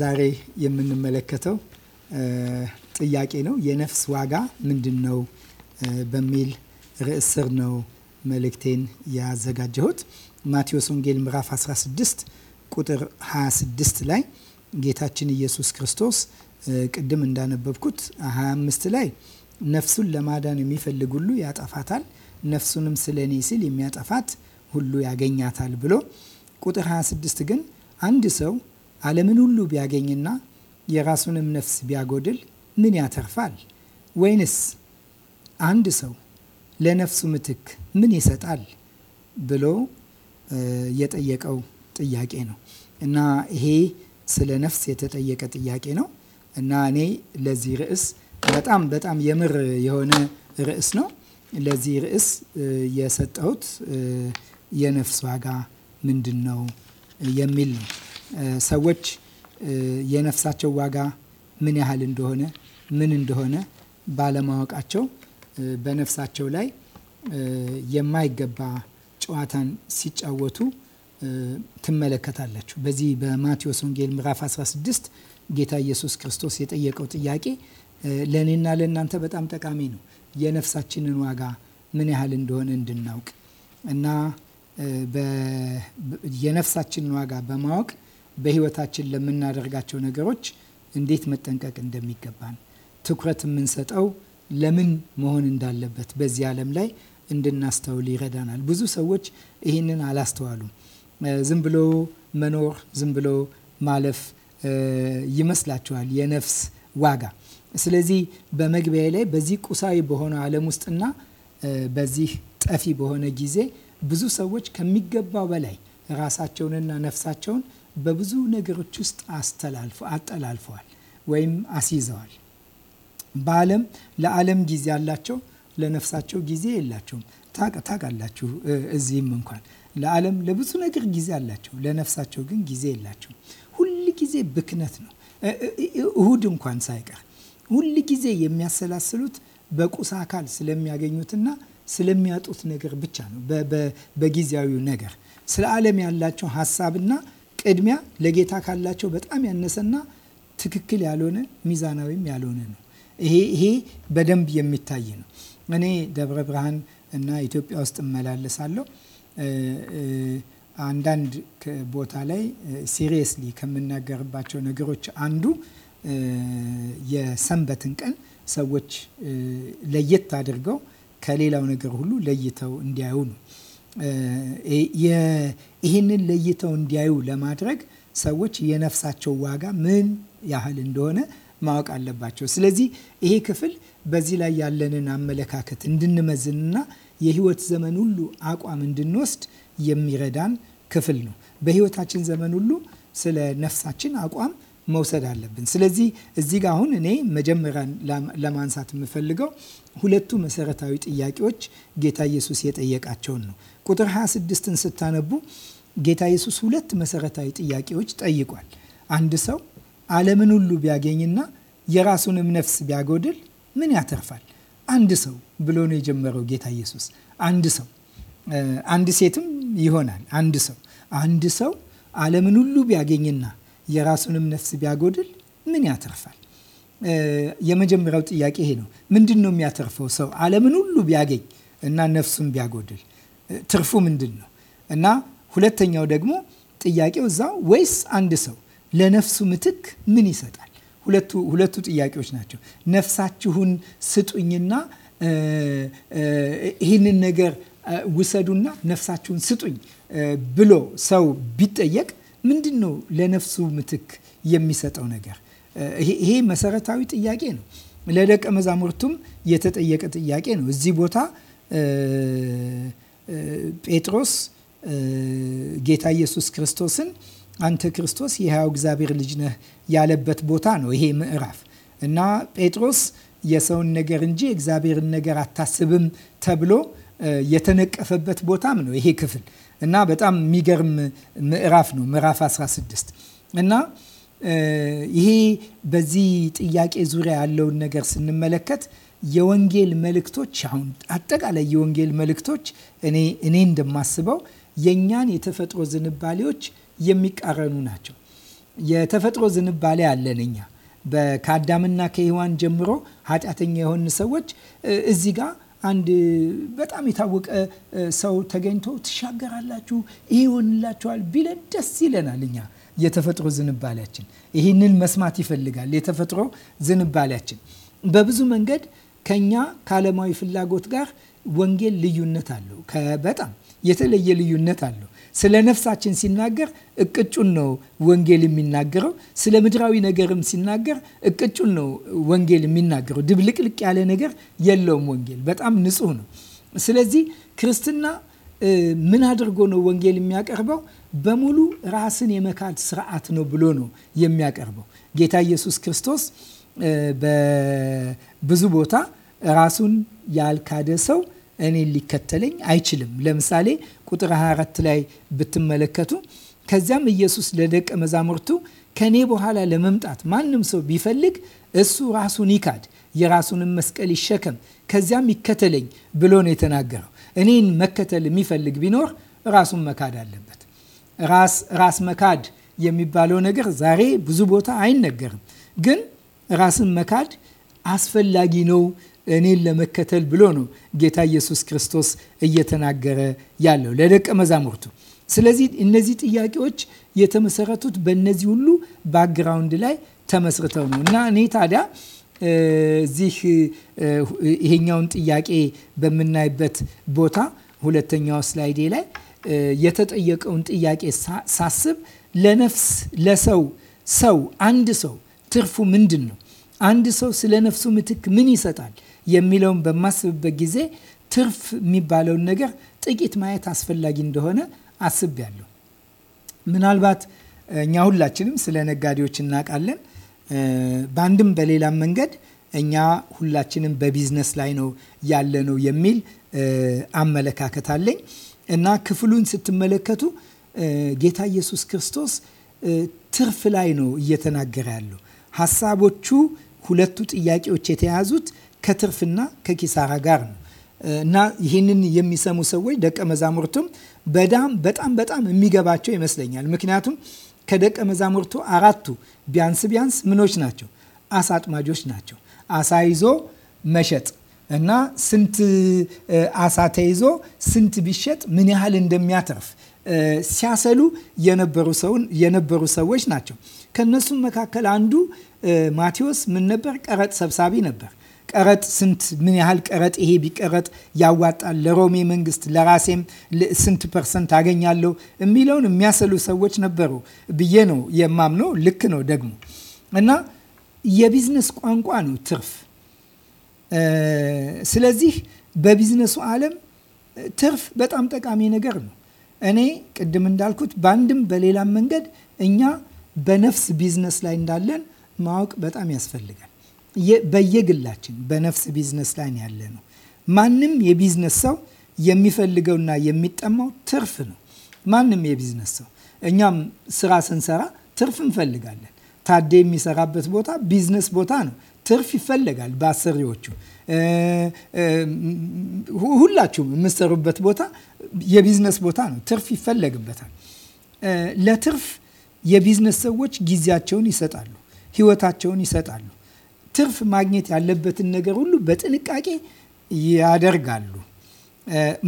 ዛሬ የምንመለከተው ጥያቄ ነው። የነፍስ ዋጋ ምንድን ነው በሚል ርዕስ ስር ነው መልእክቴን ያዘጋጀሁት። ማቴዎስ ወንጌል ምዕራፍ 16 ቁጥር 26 ላይ ጌታችን ኢየሱስ ክርስቶስ ቅድም እንዳነበብኩት 25 ላይ ነፍሱን ለማዳን የሚፈልግ ሁሉ ያጠፋታል፣ ነፍሱንም ስለ እኔ ሲል የሚያጠፋት ሁሉ ያገኛታል ብሎ ቁጥር 26 ግን አንድ ሰው ዓለምን ሁሉ ቢያገኝና የራሱንም ነፍስ ቢያጎድል ምን ያተርፋል? ወይንስ አንድ ሰው ለነፍሱ ምትክ ምን ይሰጣል ብሎ የጠየቀው ጥያቄ ነው እና ይሄ ስለ ነፍስ የተጠየቀ ጥያቄ ነው እና እኔ ለዚህ ርዕስ በጣም በጣም የምር የሆነ ርዕስ ነው። ለዚህ ርዕስ የሰጠሁት የነፍስ ዋጋ ምንድን ነው የሚል ነው። ሰዎች የነፍሳቸው ዋጋ ምን ያህል እንደሆነ ምን እንደሆነ ባለማወቃቸው በነፍሳቸው ላይ የማይገባ ጨዋታን ሲጫወቱ ትመለከታላችሁ። በዚህ በማቴዎስ ወንጌል ምዕራፍ 16 ጌታ ኢየሱስ ክርስቶስ የጠየቀው ጥያቄ ለእኔና ለእናንተ በጣም ጠቃሚ ነው። የነፍሳችንን ዋጋ ምን ያህል እንደሆነ እንድናውቅ እና የነፍሳችንን ዋጋ በማወቅ በህይወታችን ለምናደርጋቸው ነገሮች እንዴት መጠንቀቅ እንደሚገባን ትኩረት የምንሰጠው ለምን መሆን እንዳለበት በዚህ ዓለም ላይ እንድናስተውል ይረዳናል። ብዙ ሰዎች ይህንን አላስተዋሉም። ዝም ብሎ መኖር፣ ዝም ብሎ ማለፍ ይመስላቸዋል የነፍስ ዋጋ። ስለዚህ በመግቢያ ላይ በዚህ ቁሳዊ በሆነ ዓለም ውስጥና በዚህ ጠፊ በሆነ ጊዜ ብዙ ሰዎች ከሚገባው በላይ ራሳቸውንና ነፍሳቸውን በብዙ ነገሮች ውስጥ አስተላልፎ አጠላልፈዋል ወይም አስይዘዋል። በዓለም ለዓለም ጊዜ አላቸው፣ ለነፍሳቸው ጊዜ የላቸውም። ታውቃላችሁ፣ እዚህም እንኳን ለዓለም ለብዙ ነገር ጊዜ አላቸው፣ ለነፍሳቸው ግን ጊዜ የላቸውም። ሁል ጊዜ ብክነት ነው። እሁድ እንኳን ሳይቀር ሁል ጊዜ የሚያሰላስሉት በቁስ አካል ስለሚያገኙትና ስለሚያጡት ነገር ብቻ ነው። በጊዜያዊው ነገር ስለ ዓለም ያላቸው ሀሳብና ቅድሚያ ለጌታ ካላቸው በጣም ያነሰና ትክክል ያልሆነ ሚዛናዊም ያልሆነ ነው። ይሄ ይሄ በደንብ የሚታይ ነው። እኔ ደብረ ብርሃን እና ኢትዮጵያ ውስጥ እመላለሳለሁ። አንዳንድ ቦታ ላይ ሲሪየስሊ ከምናገርባቸው ነገሮች አንዱ የሰንበትን ቀን ሰዎች ለየት አድርገው ከሌላው ነገር ሁሉ ለይተው እንዲያዩ ነው። ይህንን ለይተው እንዲያዩ ለማድረግ ሰዎች የነፍሳቸው ዋጋ ምን ያህል እንደሆነ ማወቅ አለባቸው። ስለዚህ ይሄ ክፍል በዚህ ላይ ያለንን አመለካከት እንድንመዝንና የህይወት ዘመን ሁሉ አቋም እንድንወስድ የሚረዳን ክፍል ነው። በህይወታችን ዘመን ሁሉ ስለ ነፍሳችን አቋም መውሰድ አለብን። ስለዚህ እዚህ ጋር አሁን እኔ መጀመሪያ ለማንሳት የምፈልገው ሁለቱ መሰረታዊ ጥያቄዎች ጌታ ኢየሱስ የጠየቃቸውን ነው። ቁጥር 26ን ስታነቡ ጌታ ኢየሱስ ሁለት መሰረታዊ ጥያቄዎች ጠይቋል። አንድ ሰው ዓለምን ሁሉ ቢያገኝና የራሱንም ነፍስ ቢያጎድል ምን ያተርፋል? አንድ ሰው ብሎ ነው የጀመረው ጌታ ኢየሱስ። አንድ ሰው፣ አንድ ሴትም ይሆናል። አንድ ሰው አንድ ሰው ዓለምን ሁሉ ቢያገኝና የራሱንም ነፍስ ቢያጎድል ምን ያተርፋል? የመጀመሪያው ጥያቄ ይሄ ነው። ምንድን ነው የሚያተርፈው ሰው ዓለምን ሁሉ ቢያገኝ እና ነፍሱን ቢያጎድል ትርፉ ምንድን ነው? እና ሁለተኛው ደግሞ ጥያቄው እዛ ወይስ አንድ ሰው ለነፍሱ ምትክ ምን ይሰጣል? ሁለቱ ሁለቱ ጥያቄዎች ናቸው። ነፍሳችሁን ስጡኝና ይህንን ነገር ውሰዱና ነፍሳችሁን ስጡኝ ብሎ ሰው ቢጠየቅ ምንድን ነው ለነፍሱ ምትክ የሚሰጠው ነገር? ይሄ መሰረታዊ ጥያቄ ነው። ለደቀ መዛሙርቱም የተጠየቀ ጥያቄ ነው። እዚህ ቦታ ጴጥሮስ ጌታ ኢየሱስ ክርስቶስን አንተ ክርስቶስ የሕያው እግዚአብሔር ልጅ ነህ ያለበት ቦታ ነው ይሄ ምዕራፍ እና ጴጥሮስ የሰውን ነገር እንጂ የእግዚአብሔርን ነገር አታስብም ተብሎ የተነቀፈበት ቦታም ነው ይሄ ክፍል እና በጣም የሚገርም ምዕራፍ ነው ምዕራፍ 16 እና ይሄ በዚህ ጥያቄ ዙሪያ ያለውን ነገር ስንመለከት የወንጌል መልእክቶች አሁን አጠቃላይ የወንጌል መልእክቶች እኔ እኔ እንደማስበው የእኛን የተፈጥሮ ዝንባሌዎች የሚቃረኑ ናቸው። የተፈጥሮ ዝንባሌ አለን እኛ ከአዳምና ከሔዋን ጀምሮ ኃጢአተኛ የሆን ሰዎች እዚህ ጋር አንድ በጣም የታወቀ ሰው ተገኝቶ ትሻገራላችሁ፣ ይሄ ይሆንላችኋል ቢለን ደስ ይለናል። እኛ የተፈጥሮ ዝንባሌያችን ይህንን መስማት ይፈልጋል። የተፈጥሮ ዝንባሌያችን በብዙ መንገድ ከኛ ከዓለማዊ ፍላጎት ጋር ወንጌል ልዩነት አለው። በጣም የተለየ ልዩነት አለው። ስለ ነፍሳችን ሲናገር እቅጩን ነው ወንጌል የሚናገረው። ስለ ምድራዊ ነገርም ሲናገር እቅጩን ነው ወንጌል የሚናገረው። ድብልቅልቅ ያለ ነገር የለውም። ወንጌል በጣም ንጹህ ነው። ስለዚህ ክርስትና ምን አድርጎ ነው ወንጌል የሚያቀርበው? በሙሉ ራስን የመካድ ስርዓት ነው ብሎ ነው የሚያቀርበው። ጌታ ኢየሱስ ክርስቶስ በብዙ ቦታ ራሱን ያልካደ ሰው እኔን ሊከተለኝ አይችልም። ለምሳሌ ቁጥር 24 ላይ ብትመለከቱ ከዚያም ኢየሱስ ለደቀ መዛሙርቱ ከእኔ በኋላ ለመምጣት ማንም ሰው ቢፈልግ እሱ ራሱን ይካድ፣ የራሱንም መስቀል ይሸከም፣ ከዚያም ይከተለኝ ብሎ ነው የተናገረው። እኔን መከተል የሚፈልግ ቢኖር ራሱን መካድ አለበት። ራስ መካድ የሚባለው ነገር ዛሬ ብዙ ቦታ አይነገርም፣ ግን ራስን መካድ አስፈላጊ ነው እኔን ለመከተል ብሎ ነው ጌታ ኢየሱስ ክርስቶስ እየተናገረ ያለው ለደቀ መዛሙርቱ። ስለዚህ እነዚህ ጥያቄዎች የተመሰረቱት በእነዚህ ሁሉ ባክግራውንድ ላይ ተመስርተው ነው እና እኔ ታዲያ እዚህ ይሄኛውን ጥያቄ በምናይበት ቦታ ሁለተኛው ስላይዴ ላይ የተጠየቀውን ጥያቄ ሳስብ ለነፍስ ለሰው ሰው አንድ ሰው ትርፉ ምንድን ነው? አንድ ሰው ስለ ነፍሱ ምትክ ምን ይሰጣል? የሚለውን በማስብበት ጊዜ ትርፍ የሚባለውን ነገር ጥቂት ማየት አስፈላጊ እንደሆነ አስቤያለሁ። ምናልባት እኛ ሁላችንም ስለ ነጋዴዎች እናውቃለን። በአንድም በሌላም መንገድ እኛ ሁላችንም በቢዝነስ ላይ ነው ያለነው የሚል አመለካከት አለኝ እና ክፍሉን ስትመለከቱ ጌታ ኢየሱስ ክርስቶስ ትርፍ ላይ ነው እየተናገረ ያለው ሀሳቦቹ ሁለቱ ጥያቄዎች የተያዙት ከትርፍና ከኪሳራ ጋር ነው እና ይህንን የሚሰሙ ሰዎች ደቀ መዛሙርቱም በጣም በጣም በጣም የሚገባቸው ይመስለኛል። ምክንያቱም ከደቀ መዛሙርቱ አራቱ ቢያንስ ቢያንስ ምኖች ናቸው? አሳ አጥማጆች ናቸው። አሳ ይዞ መሸጥ እና ስንት አሳ ተይዞ ስንት ቢሸጥ ምን ያህል እንደሚያተርፍ ሲያሰሉ የነበሩ ሰዎች ናቸው። ከእነሱም መካከል አንዱ ማቴዎስ ምን ነበር? ቀረጥ ሰብሳቢ ነበር። ቀረጥ ስንት ምን ያህል ቀረጥ ይሄ ቢቀረጥ ያዋጣል፣ ለሮሜ መንግስት፣ ለራሴም ስንት ፐርሰንት አገኛለሁ የሚለውን የሚያሰሉ ሰዎች ነበሩ ብዬ ነው የማምነው። ልክ ነው ደግሞ እና የቢዝነስ ቋንቋ ነው ትርፍ። ስለዚህ በቢዝነሱ ዓለም ትርፍ በጣም ጠቃሚ ነገር ነው። እኔ ቅድም እንዳልኩት በአንድም በሌላም መንገድ እኛ በነፍስ ቢዝነስ ላይ እንዳለን ማወቅ በጣም ያስፈልጋል። በየግላችን በነፍስ ቢዝነስ ላይ ያለ ነው። ማንም የቢዝነስ ሰው የሚፈልገውና የሚጠማው ትርፍ ነው። ማንም የቢዝነስ ሰው እኛም ስራ ስንሰራ ትርፍ እንፈልጋለን። ታዴ የሚሰራበት ቦታ ቢዝነስ ቦታ ነው። ትርፍ ይፈለጋል በአሰሪዎቹ። ሁላችሁም የምትሰሩበት ቦታ የቢዝነስ ቦታ ነው። ትርፍ ይፈለግበታል። ለትርፍ የቢዝነስ ሰዎች ጊዜያቸውን ይሰጣሉ፣ ህይወታቸውን ይሰጣሉ። ትርፍ ማግኘት ያለበትን ነገር ሁሉ በጥንቃቄ ያደርጋሉ።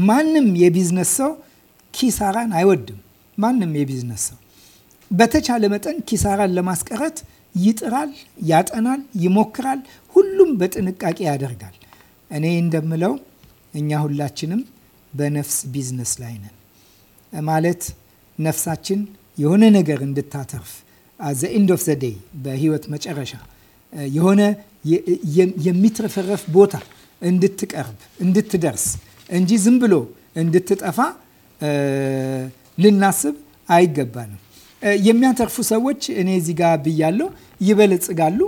ማንም የቢዝነስ ሰው ኪሳራን አይወድም። ማንም የቢዝነስ ሰው በተቻለ መጠን ኪሳራን ለማስቀረት ይጥራል፣ ያጠናል፣ ይሞክራል። ሁሉም በጥንቃቄ ያደርጋል። እኔ እንደምለው እኛ ሁላችንም በነፍስ ቢዝነስ ላይ ነን። ማለት ነፍሳችን የሆነ ነገር እንድታተርፍ ዘ ኢንድ ኦፍ ዘ ዴይ በህይወት መጨረሻ የሆነ የሚትረፈረፍ ቦታ እንድትቀርብ እንድትደርስ እንጂ ዝም ብሎ እንድትጠፋ ልናስብ አይገባንም። የሚያተርፉ ሰዎች እኔ እዚህ ጋር ብያለሁ፣ ይበለጽጋሉ።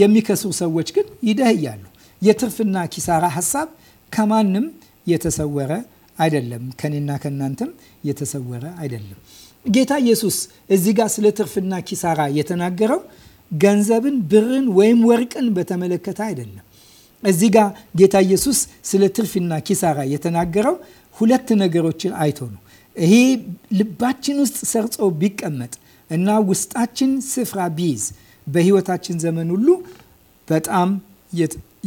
የሚከስሩ ሰዎች ግን ይደህያሉ። የትርፍና ኪሳራ ሀሳብ ከማንም የተሰወረ አይደለም፣ ከኔና ከእናንተም የተሰወረ አይደለም። ጌታ ኢየሱስ እዚህ ጋር ስለ ትርፍና ኪሳራ የተናገረው ገንዘብን፣ ብርን ወይም ወርቅን በተመለከተ አይደለም። እዚህ ጋር ጌታ ኢየሱስ ስለ ትርፍና ኪሳራ የተናገረው ሁለት ነገሮችን አይቶ ነው። ይሄ ልባችን ውስጥ ሰርጾ ቢቀመጥ እና ውስጣችን ስፍራ ቢይዝ በህይወታችን ዘመን ሁሉ በጣም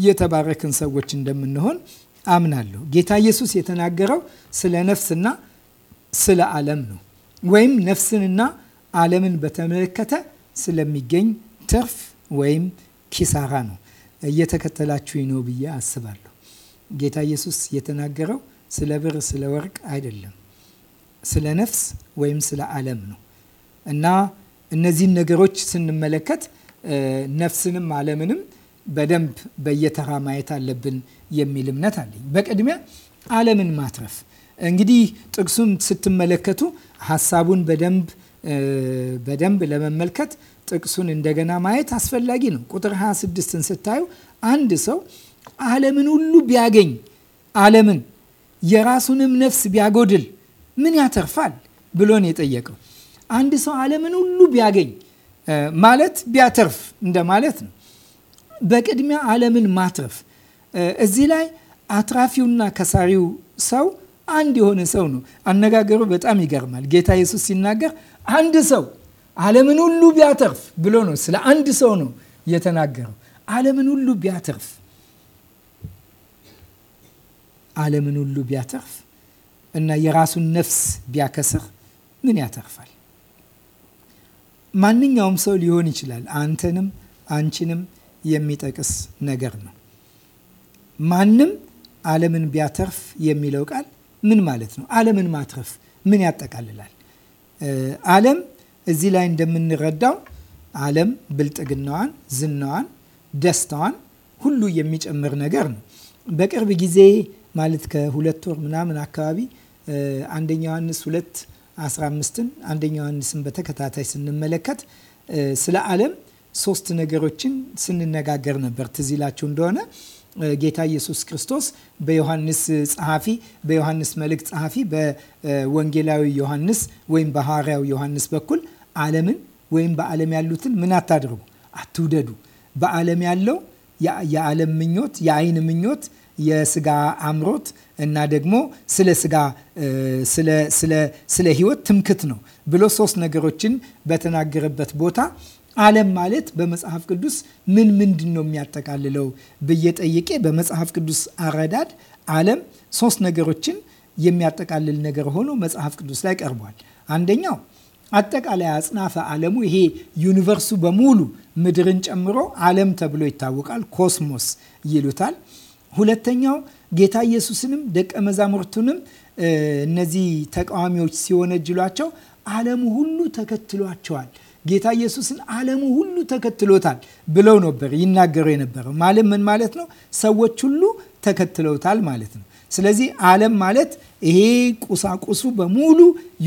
የተባረክን ሰዎች እንደምንሆን አምናለሁ። ጌታ ኢየሱስ የተናገረው ስለ ነፍስና ስለ ዓለም ነው፣ ወይም ነፍስንና ዓለምን በተመለከተ ስለሚገኝ ትርፍ ወይም ኪሳራ ነው። እየተከተላችሁኝ ነው ብዬ አስባለሁ። ጌታ ኢየሱስ የተናገረው ስለ ብር፣ ስለ ወርቅ አይደለም፣ ስለ ነፍስ ወይም ስለ ዓለም ነው እና እነዚህን ነገሮች ስንመለከት ነፍስንም ዓለምንም በደንብ በየተራ ማየት አለብን የሚል እምነት አለኝ። በቅድሚያ ዓለምን ማትረፍ እንግዲህ ጥቅሱን ስትመለከቱ ሀሳቡን በደንብ በደንብ ለመመልከት ጥቅሱን እንደገና ማየት አስፈላጊ ነው። ቁጥር 26ን ስታዩ አንድ ሰው ዓለምን ሁሉ ቢያገኝ ዓለምን የራሱንም ነፍስ ቢያጎድል ምን ያተርፋል ብሎ ነው የጠየቀው። አንድ ሰው ዓለምን ሁሉ ቢያገኝ ማለት ቢያተርፍ እንደማለት ነው። በቅድሚያ ዓለምን ማትረፍ። እዚህ ላይ አትራፊውና ከሳሪው ሰው አንድ የሆነ ሰው ነው። አነጋገሩ በጣም ይገርማል። ጌታ ኢየሱስ ሲናገር አንድ ሰው ዓለምን ሁሉ ቢያተርፍ ብሎ ነው። ስለ አንድ ሰው ነው የተናገረው። ዓለምን ሁሉ ቢያተርፍ ዓለምን ሁሉ ቢያተርፍ እና የራሱን ነፍስ ቢያከስር ምን ያተርፋል? ማንኛውም ሰው ሊሆን ይችላል። አንተንም አንቺንም የሚጠቅስ ነገር ነው። ማንም ዓለምን ቢያተርፍ የሚለው ቃል ምን ማለት ነው? ዓለምን ማትረፍ ምን ያጠቃልላል? ዓለም እዚህ ላይ እንደምንረዳው ዓለም ብልጥግናዋን፣ ዝናዋን፣ ደስታዋን ሁሉ የሚጨምር ነገር ነው። በቅርብ ጊዜ ማለት ከሁለት ወር ምናምን አካባቢ አንደኛ ዮሐንስ ሁለት 15ን አንደኛ ዮሐንስን በተከታታይ ስንመለከት ስለ ዓለም ሶስት ነገሮችን ስንነጋገር ነበር። ትዝ ይላችሁ እንደሆነ ጌታ ኢየሱስ ክርስቶስ በዮሐንስ ጸሐፊ በዮሐንስ መልእክት ጸሐፊ በወንጌላዊ ዮሐንስ ወይም በሐዋርያው ዮሐንስ በኩል ዓለምን ወይም በዓለም ያሉትን ምን አታድርጉ፣ አትውደዱ። በዓለም ያለው የዓለም ምኞት፣ የአይን ምኞት፣ የስጋ አምሮት እና ደግሞ ስለ ስጋ ስለ ህይወት ትምክት ነው ብሎ ሶስት ነገሮችን በተናገረበት ቦታ ዓለም ማለት በመጽሐፍ ቅዱስ ምን ምንድን ነው የሚያጠቃልለው ብዬ ጠይቄ በመጽሐፍ ቅዱስ አረዳድ ዓለም ሶስት ነገሮችን የሚያጠቃልል ነገር ሆኖ መጽሐፍ ቅዱስ ላይ ቀርቧል። አንደኛው አጠቃላይ አጽናፈ ዓለሙ ይሄ ዩኒቨርሱ በሙሉ ምድርን ጨምሮ ዓለም ተብሎ ይታወቃል። ኮስሞስ ይሉታል። ሁለተኛው ጌታ ኢየሱስንም ደቀ መዛሙርቱንም እነዚህ ተቃዋሚዎች ሲወነጅሏቸው ዓለሙ ሁሉ ተከትሏቸዋል፣ ጌታ ኢየሱስን ዓለሙ ሁሉ ተከትሎታል ብለው ነበር ይናገሩ የነበረው። ማለት ምን ማለት ነው? ሰዎች ሁሉ ተከትለውታል ማለት ነው። ስለዚህ ዓለም ማለት ይሄ ቁሳቁሱ በሙሉ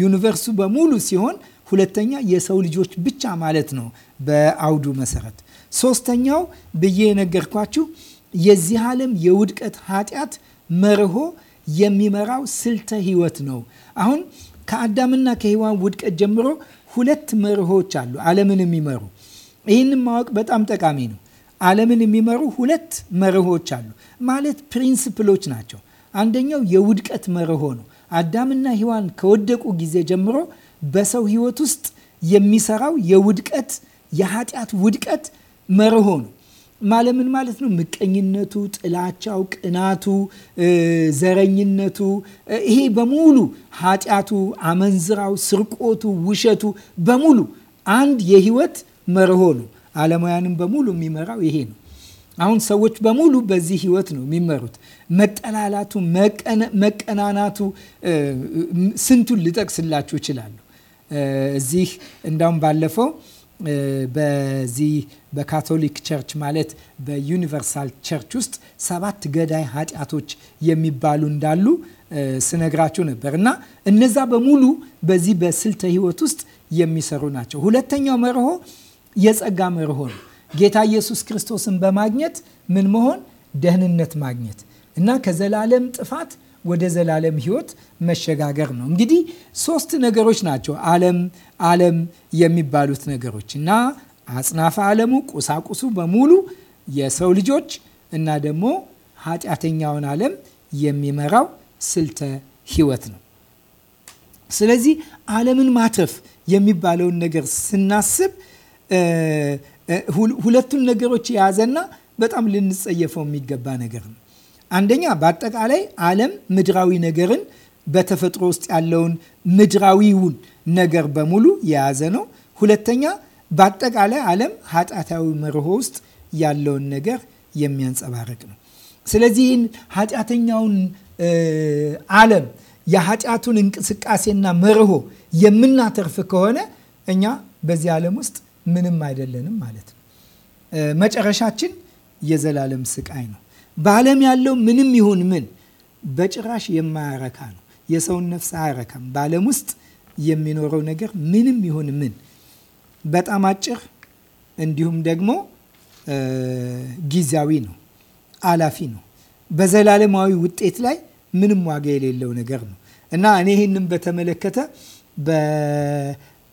ዩኒቨርሱ በሙሉ ሲሆን ሁለተኛ የሰው ልጆች ብቻ ማለት ነው በአውዱ መሰረት። ሶስተኛው ብዬ የነገርኳችሁ የዚህ ዓለም የውድቀት ኃጢአት መርሆ የሚመራው ስልተ ህይወት ነው። አሁን ከአዳምና ከሔዋን ውድቀት ጀምሮ ሁለት መርሆች አሉ ዓለምን የሚመሩ ይህንን ማወቅ በጣም ጠቃሚ ነው። ዓለምን የሚመሩ ሁለት መርሆች አሉ ማለት ፕሪንስፕሎች ናቸው። አንደኛው የውድቀት መርሆ ነው። አዳምና ሔዋን ከወደቁ ጊዜ ጀምሮ በሰው ህይወት ውስጥ የሚሰራው የውድቀት የኃጢአት ውድቀት መርሆ ነው። ማለምን ማለት ነው። ምቀኝነቱ፣ ጥላቻው፣ ቅናቱ፣ ዘረኝነቱ ይሄ በሙሉ ኃጢአቱ፣ አመንዝራው፣ ስርቆቱ፣ ውሸቱ በሙሉ አንድ የህይወት መርሆ ነው። አለማውያንም በሙሉ የሚመራው ይሄ ነው። አሁን ሰዎች በሙሉ በዚህ ህይወት ነው የሚመሩት። መጠላላቱ፣ መቀናናቱ ስንቱን ልጠቅስላችሁ እችላለሁ። እዚህ እንዳውም ባለፈው በዚህ በካቶሊክ ቸርች ማለት በዩኒቨርሳል ቸርች ውስጥ ሰባት ገዳይ ኃጢአቶች የሚባሉ እንዳሉ ስነግራችሁ ነበር እና እነዛ በሙሉ በዚህ በስልተ ህይወት ውስጥ የሚሰሩ ናቸው። ሁለተኛው መርሆ የጸጋ መርሆ ነው። ጌታ ኢየሱስ ክርስቶስን በማግኘት ምን መሆን ደህንነት ማግኘት እና ከዘላለም ጥፋት ወደ ዘላለም ህይወት መሸጋገር ነው። እንግዲህ ሶስት ነገሮች ናቸው ዓለም ዓለም የሚባሉት ነገሮች እና አጽናፈ ዓለሙ ቁሳቁሱ በሙሉ የሰው ልጆች እና ደግሞ ኃጢአተኛውን ዓለም የሚመራው ስልተ ህይወት ነው። ስለዚህ ዓለምን ማትረፍ የሚባለውን ነገር ስናስብ ሁለቱን ነገሮች የያዘና በጣም ልንጸየፈው የሚገባ ነገር ነው። አንደኛ በአጠቃላይ ዓለም ምድራዊ ነገርን በተፈጥሮ ውስጥ ያለውን ምድራዊውን ነገር በሙሉ የያዘ ነው። ሁለተኛ በአጠቃላይ ዓለም ኃጢአታዊ መርሆ ውስጥ ያለውን ነገር የሚያንጸባርቅ ነው። ስለዚህ ይህን ኃጢአተኛውን ዓለም የኃጢአቱን እንቅስቃሴና መርሆ የምናተርፍ ከሆነ እኛ በዚህ ዓለም ውስጥ ምንም አይደለንም ማለት ነው። መጨረሻችን የዘላለም ስቃይ ነው። በዓለም ያለው ምንም ይሁን ምን በጭራሽ የማያረካ ነው። የሰውን ነፍስ አያረካም። በዓለም ውስጥ የሚኖረው ነገር ምንም ይሁን ምን በጣም አጭር እንዲሁም ደግሞ ጊዜያዊ ነው፣ አላፊ ነው። በዘላለማዊ ውጤት ላይ ምንም ዋጋ የሌለው ነገር ነው እና እኔ ይህንም በተመለከተ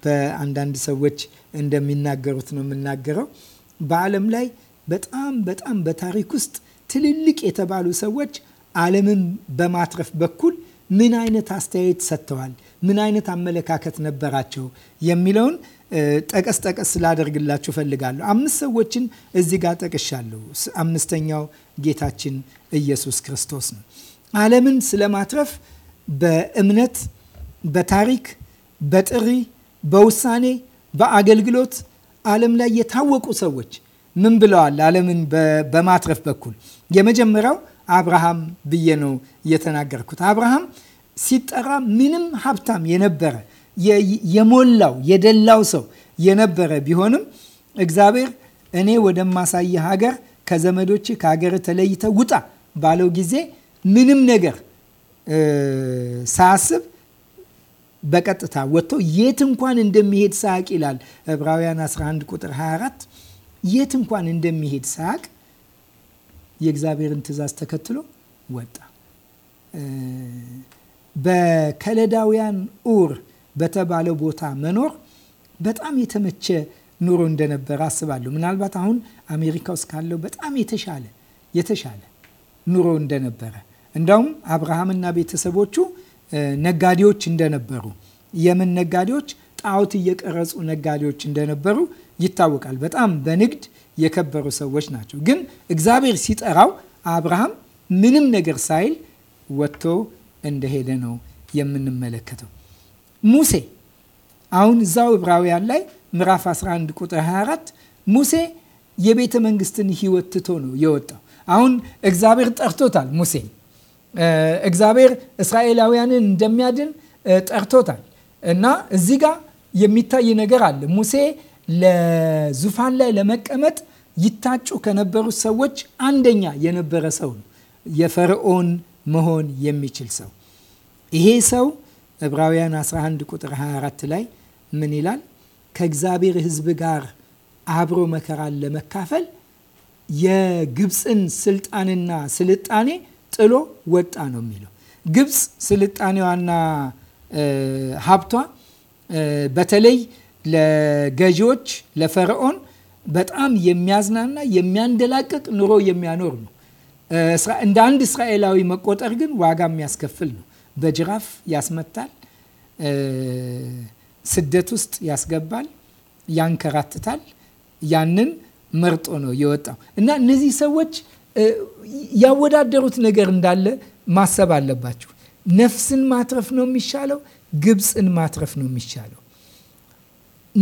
በአንዳንድ ሰዎች እንደሚናገሩት ነው የምናገረው። በዓለም ላይ በጣም በጣም በታሪክ ውስጥ ትልልቅ የተባሉ ሰዎች ዓለምን በማትረፍ በኩል ምን አይነት አስተያየት ሰጥተዋል፣ ምን አይነት አመለካከት ነበራቸው የሚለውን ጠቀስ ጠቀስ ስላደርግላችሁ ፈልጋለሁ። አምስት ሰዎችን እዚህ ጋር ጠቅሻለሁ። አምስተኛው ጌታችን ኢየሱስ ክርስቶስ ነው። ዓለምን ስለማትረፍ በእምነት፣ በታሪክ፣ በጥሪ፣ በውሳኔ፣ በአገልግሎት ዓለም ላይ የታወቁ ሰዎች ምን ብለዋል? ዓለምን በማትረፍ በኩል የመጀመሪያው አብርሃም ብዬ ነው የተናገርኩት። አብርሃም ሲጠራ ምንም ሀብታም የነበረ የሞላው የደላው ሰው የነበረ ቢሆንም እግዚአብሔር እኔ ወደማሳየ ሀገር ከዘመዶች ከሀገር ተለይተ ውጣ ባለው ጊዜ ምንም ነገር ሳያስብ በቀጥታ ወጥቶ የት እንኳን እንደሚሄድ ሳያቅ ይላል ዕብራውያን 11 ቁጥር 24 የት እንኳን እንደሚሄድ ሳያቅ የእግዚአብሔርን ትእዛዝ ተከትሎ ወጣ። በከለዳውያን ኡር በተባለው ቦታ መኖር በጣም የተመቸ ኑሮ እንደነበረ አስባለሁ። ምናልባት አሁን አሜሪካ ውስጥ ካለው በጣም የተሻለ የተሻለ ኑሮ እንደነበረ እንዳውም አብርሃምና ቤተሰቦቹ ነጋዴዎች እንደነበሩ የምን ነጋዴዎች ጣዖት እየቀረጹ ነጋዴዎች እንደነበሩ ይታወቃል። በጣም በንግድ የከበሩ ሰዎች ናቸው። ግን እግዚአብሔር ሲጠራው አብርሃም ምንም ነገር ሳይል ወጥቶ እንደሄደ ነው የምንመለከተው። ሙሴ አሁን እዛው ዕብራውያን ላይ ምዕራፍ 11 ቁጥር 24 ሙሴ የቤተ መንግስትን ህይወት ትቶ ነው የወጣው። አሁን እግዚአብሔር ጠርቶታል። ሙሴ እግዚአብሔር እስራኤላውያንን እንደሚያድን ጠርቶታል እና እዚህ ጋር የሚታይ ነገር አለ። ሙሴ ለዙፋን ላይ ለመቀመጥ ይታጩ ከነበሩት ሰዎች አንደኛ የነበረ ሰው ነው። የፈርዖን መሆን የሚችል ሰው። ይሄ ሰው ዕብራውያን 11 ቁጥር 24 ላይ ምን ይላል? ከእግዚአብሔር ሕዝብ ጋር አብሮ መከራን ለመካፈል የግብፅን ስልጣንና ስልጣኔ ጥሎ ወጣ ነው የሚለው። ግብፅ ስልጣኔዋና ሀብቷ በተለይ ለገዢዎች ለፈርዖን በጣም የሚያዝናና የሚያንደላቅቅ ኑሮ የሚያኖር ነው። እንደ አንድ እስራኤላዊ መቆጠር ግን ዋጋ የሚያስከፍል ነው። በጅራፍ ያስመታል፣ ስደት ውስጥ ያስገባል፣ ያንከራትታል። ያንን መርጦ ነው የወጣው እና እነዚህ ሰዎች ያወዳደሩት ነገር እንዳለ ማሰብ አለባችሁ። ነፍስን ማትረፍ ነው የሚሻለው፣ ግብፅን ማትረፍ ነው የሚሻለው።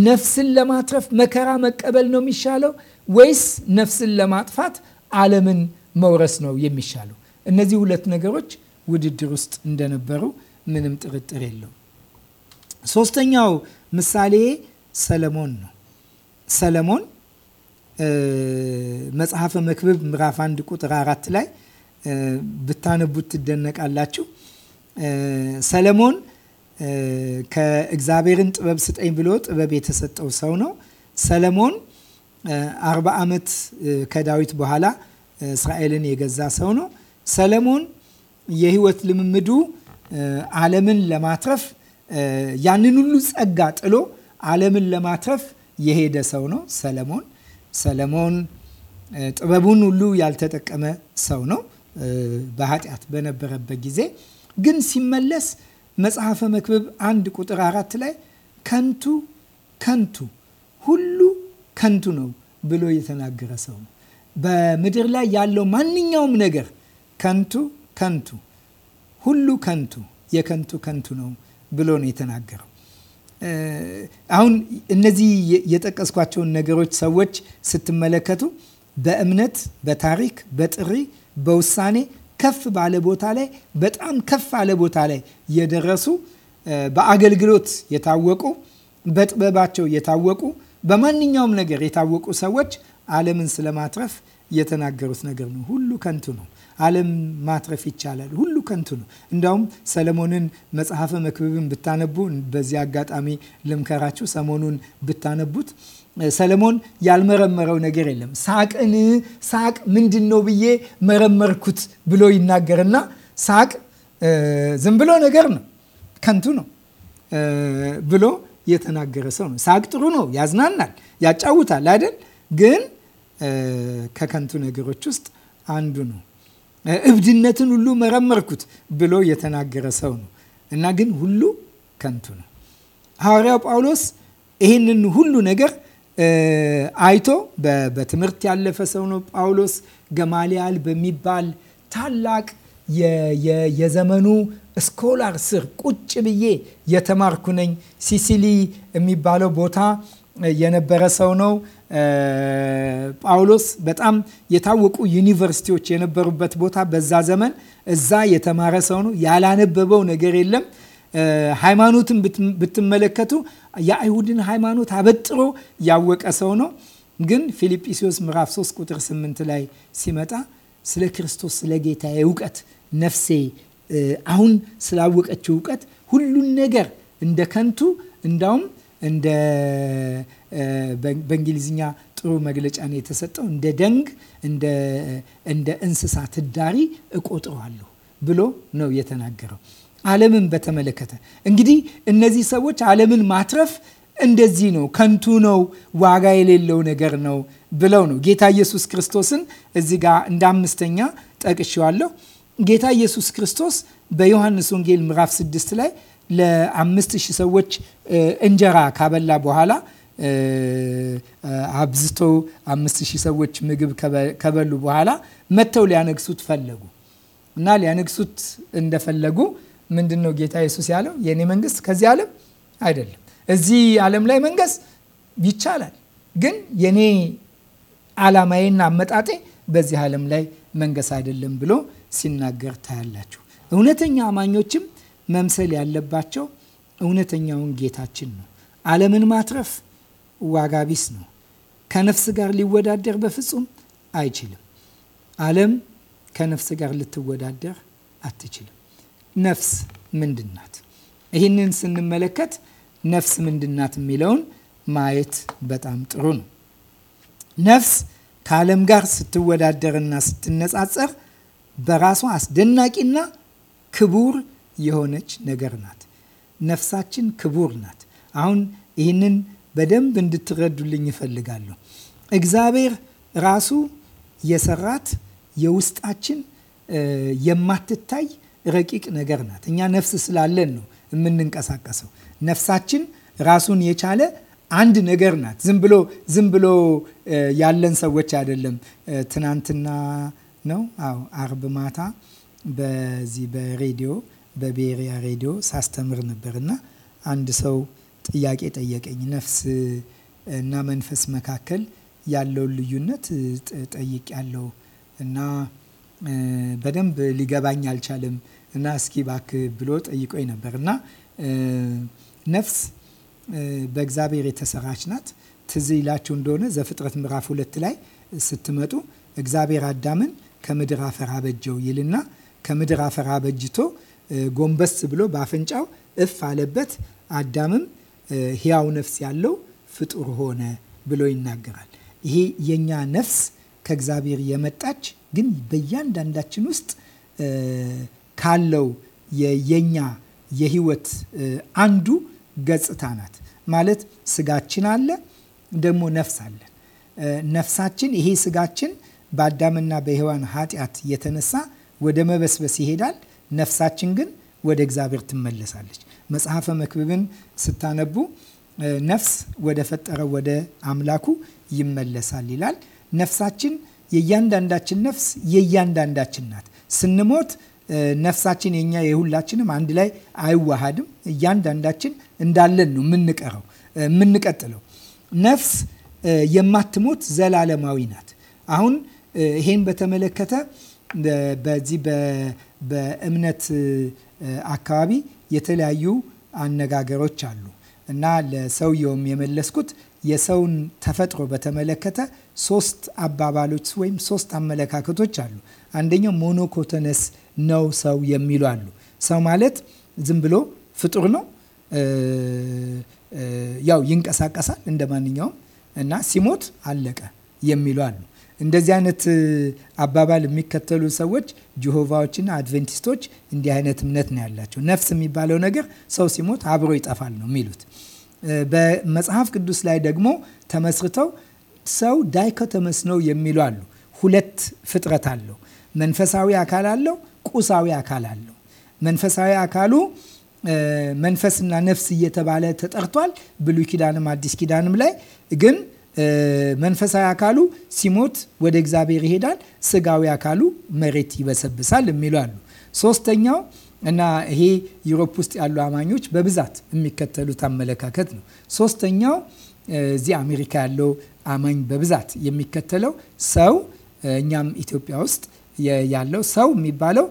ነፍስን ለማትረፍ መከራ መቀበል ነው የሚሻለው ወይስ ነፍስን ለማጥፋት ዓለምን መውረስ ነው የሚሻለው? እነዚህ ሁለት ነገሮች ውድድር ውስጥ እንደነበሩ ምንም ጥርጥር የለው። ሶስተኛው ምሳሌ ሰለሞን ነው። ሰለሞን መጽሐፈ መክብብ ምዕራፍ አንድ ቁጥር አራት ላይ ብታነቡት ትደነቃላችሁ። ሰለሞን ከእግዚአብሔርን ጥበብ ስጠኝ ብሎ ጥበብ የተሰጠው ሰው ነው። ሰለሞን አርባ ዓመት ከዳዊት በኋላ እስራኤልን የገዛ ሰው ነው። ሰለሞን የህይወት ልምምዱ ዓለምን ለማትረፍ ያንን ሁሉ ጸጋ ጥሎ ዓለምን ለማትረፍ የሄደ ሰው ነው ሰለሞን። ሰለሞን ጥበቡን ሁሉ ያልተጠቀመ ሰው ነው በኃጢአት በነበረበት ጊዜ ግን ሲመለስ መጽሐፈ መክብብ አንድ ቁጥር አራት ላይ ከንቱ ከንቱ ሁሉ ከንቱ ነው ብሎ የተናገረ ሰው ነው። በምድር ላይ ያለው ማንኛውም ነገር ከንቱ ከንቱ ሁሉ ከንቱ የከንቱ ከንቱ ነው ብሎ ነው የተናገረው። አሁን እነዚህ የጠቀስኳቸውን ነገሮች ሰዎች ስትመለከቱ በእምነት፣ በታሪክ፣ በጥሪ፣ በውሳኔ ከፍ ባለ ቦታ ላይ በጣም ከፍ ባለ ቦታ ላይ የደረሱ በአገልግሎት የታወቁ በጥበባቸው የታወቁ በማንኛውም ነገር የታወቁ ሰዎች ዓለምን ስለማትረፍ የተናገሩት ነገር ነው። ሁሉ ከንቱ ነው። ዓለም ማትረፍ ይቻላል። ሁሉ ከንቱ ነው። እንዳውም ሰለሞንን መጽሐፈ መክብብን ብታነቡ፣ በዚህ አጋጣሚ ልምከራችሁ፣ ሰሞኑን ብታነቡት ሰለሞን ያልመረመረው ነገር የለም። ሳቅን ሳቅ ምንድን ነው ብዬ መረመርኩት ብሎ ይናገርና ሳቅ ዝም ብሎ ነገር ነው፣ ከንቱ ነው ብሎ የተናገረ ሰው ነው። ሳቅ ጥሩ ነው፣ ያዝናናል፣ ያጫውታል አይደል? ግን ከከንቱ ነገሮች ውስጥ አንዱ ነው። እብድነትን ሁሉ መረመርኩት ብሎ የተናገረ ሰው ነው እና ግን ሁሉ ከንቱ ነው። ሐዋርያው ጳውሎስ ይህንን ሁሉ ነገር አይቶ በትምህርት ያለፈ ሰው ነው ጳውሎስ ገማሊያል በሚባል ታላቅ የዘመኑ ስኮላር ስር ቁጭ ብዬ የተማርኩ ነኝ። ሲሲሊ የሚባለው ቦታ የነበረ ሰው ነው ጳውሎስ። በጣም የታወቁ ዩኒቨርሲቲዎች የነበሩበት ቦታ በዛ ዘመን እዛ የተማረ ሰው ነው። ያላነበበው ነገር የለም። ሃይማኖትን ብትመለከቱ የአይሁድን ሃይማኖት አበጥሮ ያወቀ ሰው ነው። ግን ፊልጵስዎስ ምዕራፍ 3 ቁጥር 8 ላይ ሲመጣ ስለ ክርስቶስ ስለ ጌታ እውቀት ነፍሴ አሁን ስላወቀችው እውቀት ሁሉን ነገር እንደ ከንቱ እንዳውም እንደ በእንግሊዝኛ ጥሩ መግለጫ ነው የተሰጠው እንደ ደንግ እንደ እንስሳ ዳሪ እቆጥረዋለሁ ብሎ ነው የተናገረው። ዓለምን በተመለከተ እንግዲህ እነዚህ ሰዎች ዓለምን ማትረፍ እንደዚህ ነው፣ ከንቱ ነው፣ ዋጋ የሌለው ነገር ነው ብለው ነው ጌታ ኢየሱስ ክርስቶስን እዚህ ጋር እንደ አምስተኛ ጠቅሼዋለሁ። ጌታ ኢየሱስ ክርስቶስ በዮሐንስ ወንጌል ምዕራፍ 6 ላይ ለአምስት ሺህ ሰዎች እንጀራ ካበላ በኋላ አብዝተው አምስት ሺህ ሰዎች ምግብ ከበሉ በኋላ መጥተው ሊያነግሱት ፈለጉ እና ሊያነግሱት እንደፈለጉ ምንድን ነው ጌታ ኢየሱስ ያለው? የእኔ መንግስት ከዚህ ዓለም አይደለም። እዚህ ዓለም ላይ መንገስ ይቻላል፣ ግን የኔ ዓላማዬና አመጣጤ በዚህ ዓለም ላይ መንገስ አይደለም ብሎ ሲናገር ታያላችሁ። እውነተኛ አማኞችም መምሰል ያለባቸው እውነተኛውን ጌታችን ነው። ዓለምን ማትረፍ ዋጋ ቢስ ነው። ከነፍስ ጋር ሊወዳደር በፍጹም አይችልም። ዓለም ከነፍስ ጋር ልትወዳደር አትችልም። ነፍስ ምንድናት? ይህንን ስንመለከት ነፍስ ምንድናት የሚለውን ማየት በጣም ጥሩ ነው። ነፍስ ከዓለም ጋር ስትወዳደርና ስትነጻጸር በራሷ አስደናቂና ክቡር የሆነች ነገር ናት። ነፍሳችን ክቡር ናት። አሁን ይህንን በደንብ እንድትረዱልኝ እፈልጋለሁ። እግዚአብሔር ራሱ የሰራት የውስጣችን የማትታይ ረቂቅ ነገር ናት። እኛ ነፍስ ስላለን ነው የምንንቀሳቀሰው። ነፍሳችን ራሱን የቻለ አንድ ነገር ናት። ዝም ብሎ ዝም ብሎ ያለን ሰዎች አይደለም። ትናንትና ነው አዎ፣ አርብ ማታ በዚህ በሬዲዮ በቤሪያ ሬዲዮ ሳስተምር ነበር እና አንድ ሰው ጥያቄ ጠየቀኝ። ነፍስ እና መንፈስ መካከል ያለውን ልዩነት ጠይቅ ያለው እና በደንብ ሊገባኝ አልቻለም። እና እስኪ ባክ ብሎ ጠይቆኝ ነበር እና ነፍስ በእግዚአብሔር የተሰራች ናት። ትዝ ይላችሁ እንደሆነ ዘፍጥረት ምዕራፍ ሁለት ላይ ስትመጡ እግዚአብሔር አዳምን ከምድር አፈር አበጀው ይልና ከምድር አፈር አበጅቶ ጎንበስ ብሎ በአፍንጫው እፍ አለበት። አዳምም ሕያው ነፍስ ያለው ፍጡር ሆነ ብሎ ይናገራል። ይሄ የእኛ ነፍስ ከእግዚአብሔር የመጣች ግን በእያንዳንዳችን ውስጥ ካለው የኛ የህይወት አንዱ ገጽታ ናት። ማለት ስጋችን አለ፣ ደግሞ ነፍስ አለን። ነፍሳችን ይሄ ስጋችን በአዳምና በሔዋን ኃጢአት የተነሳ ወደ መበስበስ ይሄዳል። ነፍሳችን ግን ወደ እግዚአብሔር ትመለሳለች። መጽሐፈ መክብብን ስታነቡ ነፍስ ወደ ፈጠረው ወደ አምላኩ ይመለሳል ይላል። ነፍሳችን የእያንዳንዳችን ነፍስ የእያንዳንዳችን ናት። ስንሞት ነፍሳችን የኛ የሁላችንም አንድ ላይ አይዋሃድም። እያንዳንዳችን እንዳለን ነው የምንቀረው የምንቀጥለው። ነፍስ የማትሞት ዘላለማዊ ናት። አሁን ይሄን በተመለከተ በዚህ በእምነት አካባቢ የተለያዩ አነጋገሮች አሉ እና ለሰውየውም የመለስኩት የሰውን ተፈጥሮ በተመለከተ ሶስት አባባሎች ወይም ሶስት አመለካከቶች አሉ። አንደኛው ሞኖኮተነስ ነው ሰው የሚሉ አሉ። ሰው ማለት ዝም ብሎ ፍጡር ነው። ያው ይንቀሳቀሳል እንደ ማንኛውም እና ሲሞት አለቀ የሚሉ አሉ። እንደዚህ አይነት አባባል የሚከተሉ ሰዎች ጆሆቫዎችና አድቬንቲስቶች እንዲህ አይነት እምነት ነው ያላቸው። ነፍስ የሚባለው ነገር ሰው ሲሞት አብሮ ይጠፋል ነው የሚሉት። በመጽሐፍ ቅዱስ ላይ ደግሞ ተመስርተው ሰው ዳይኮተመስ ነው የሚሉ አሉ። ሁለት ፍጥረት አለው። መንፈሳዊ አካል አለው፣ ቁሳዊ አካል አለው። መንፈሳዊ አካሉ መንፈስና ነፍስ እየተባለ ተጠርቷል። ብሉይ ኪዳንም አዲስ ኪዳንም ላይ ግን መንፈሳዊ አካሉ ሲሞት ወደ እግዚአብሔር ይሄዳል፣ ስጋዊ አካሉ መሬት ይበሰብሳል የሚሉ አሉ። ሶስተኛው እና ይሄ ዩሮፕ ውስጥ ያሉ አማኞች በብዛት የሚከተሉት አመለካከት ነው። ሶስተኛው እዚህ አሜሪካ ያለው አማኝ በብዛት የሚከተለው ሰው እኛም ኢትዮጵያ ውስጥ ያለው ሰው የሚባለው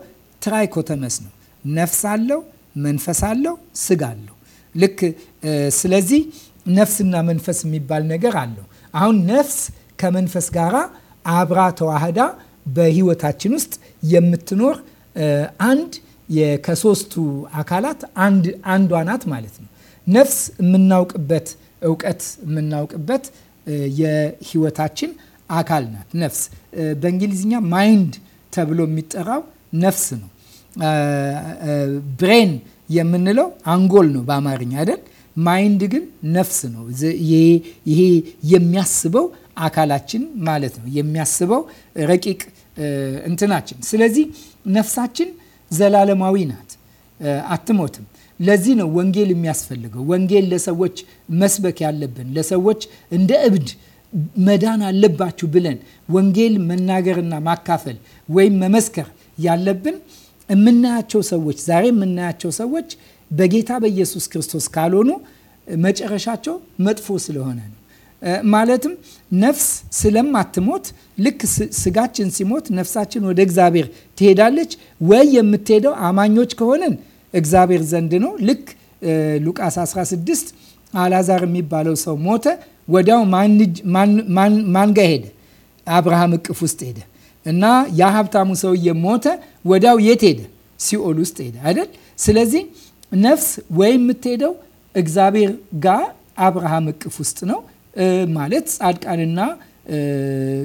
ትራይኮተመስ ነው። ነፍስ አለው፣ መንፈስ አለው፣ ስጋ አለው። ልክ ስለዚህ ነፍስና መንፈስ የሚባል ነገር አለው። አሁን ነፍስ ከመንፈስ ጋራ አብራ ተዋህዳ በህይወታችን ውስጥ የምትኖር አንድ ከሶስቱ አካላት አንዷ ናት ማለት ነው። ነፍስ የምናውቅበት እውቀት የምናውቅበት የህይወታችን አካል ናት። ነፍስ በእንግሊዝኛ ማይንድ ተብሎ የሚጠራው ነፍስ ነው። ብሬን የምንለው አንጎል ነው በአማርኛ አይደል? ማይንድ ግን ነፍስ ነው። ይሄ የሚያስበው አካላችን ማለት ነው። የሚያስበው ረቂቅ እንትናችን። ስለዚህ ነፍሳችን ዘላለማዊ ናት፣ አትሞትም። ለዚህ ነው ወንጌል የሚያስፈልገው። ወንጌል ለሰዎች መስበክ ያለብን ለሰዎች እንደ እብድ መዳን አለባችሁ ብለን ወንጌል መናገርና ማካፈል ወይም መመስከር ያለብን የምናያቸው ሰዎች ዛሬ የምናያቸው ሰዎች በጌታ በኢየሱስ ክርስቶስ ካልሆኑ መጨረሻቸው መጥፎ ስለሆነ ነው። ማለትም ነፍስ ስለማትሞት ልክ ስጋችን ሲሞት ነፍሳችን ወደ እግዚአብሔር ትሄዳለች ወይ የምትሄደው አማኞች ከሆነን እግዚአብሔር ዘንድ ነው። ልክ ሉቃስ 16 አላዛር የሚባለው ሰው ሞተ ወዲያው ማን ጋ ሄደ? አብርሃም እቅፍ ውስጥ ሄደ እና ያ ሀብታሙ ሰውዬ ሞተ። ወዲያው የት ሄደ? ሲኦል ውስጥ ሄደ አይደል? ስለዚህ ነፍስ ወይ የምትሄደው እግዚአብሔር ጋር አብርሃም እቅፍ ውስጥ ነው ማለት ጻድቃንና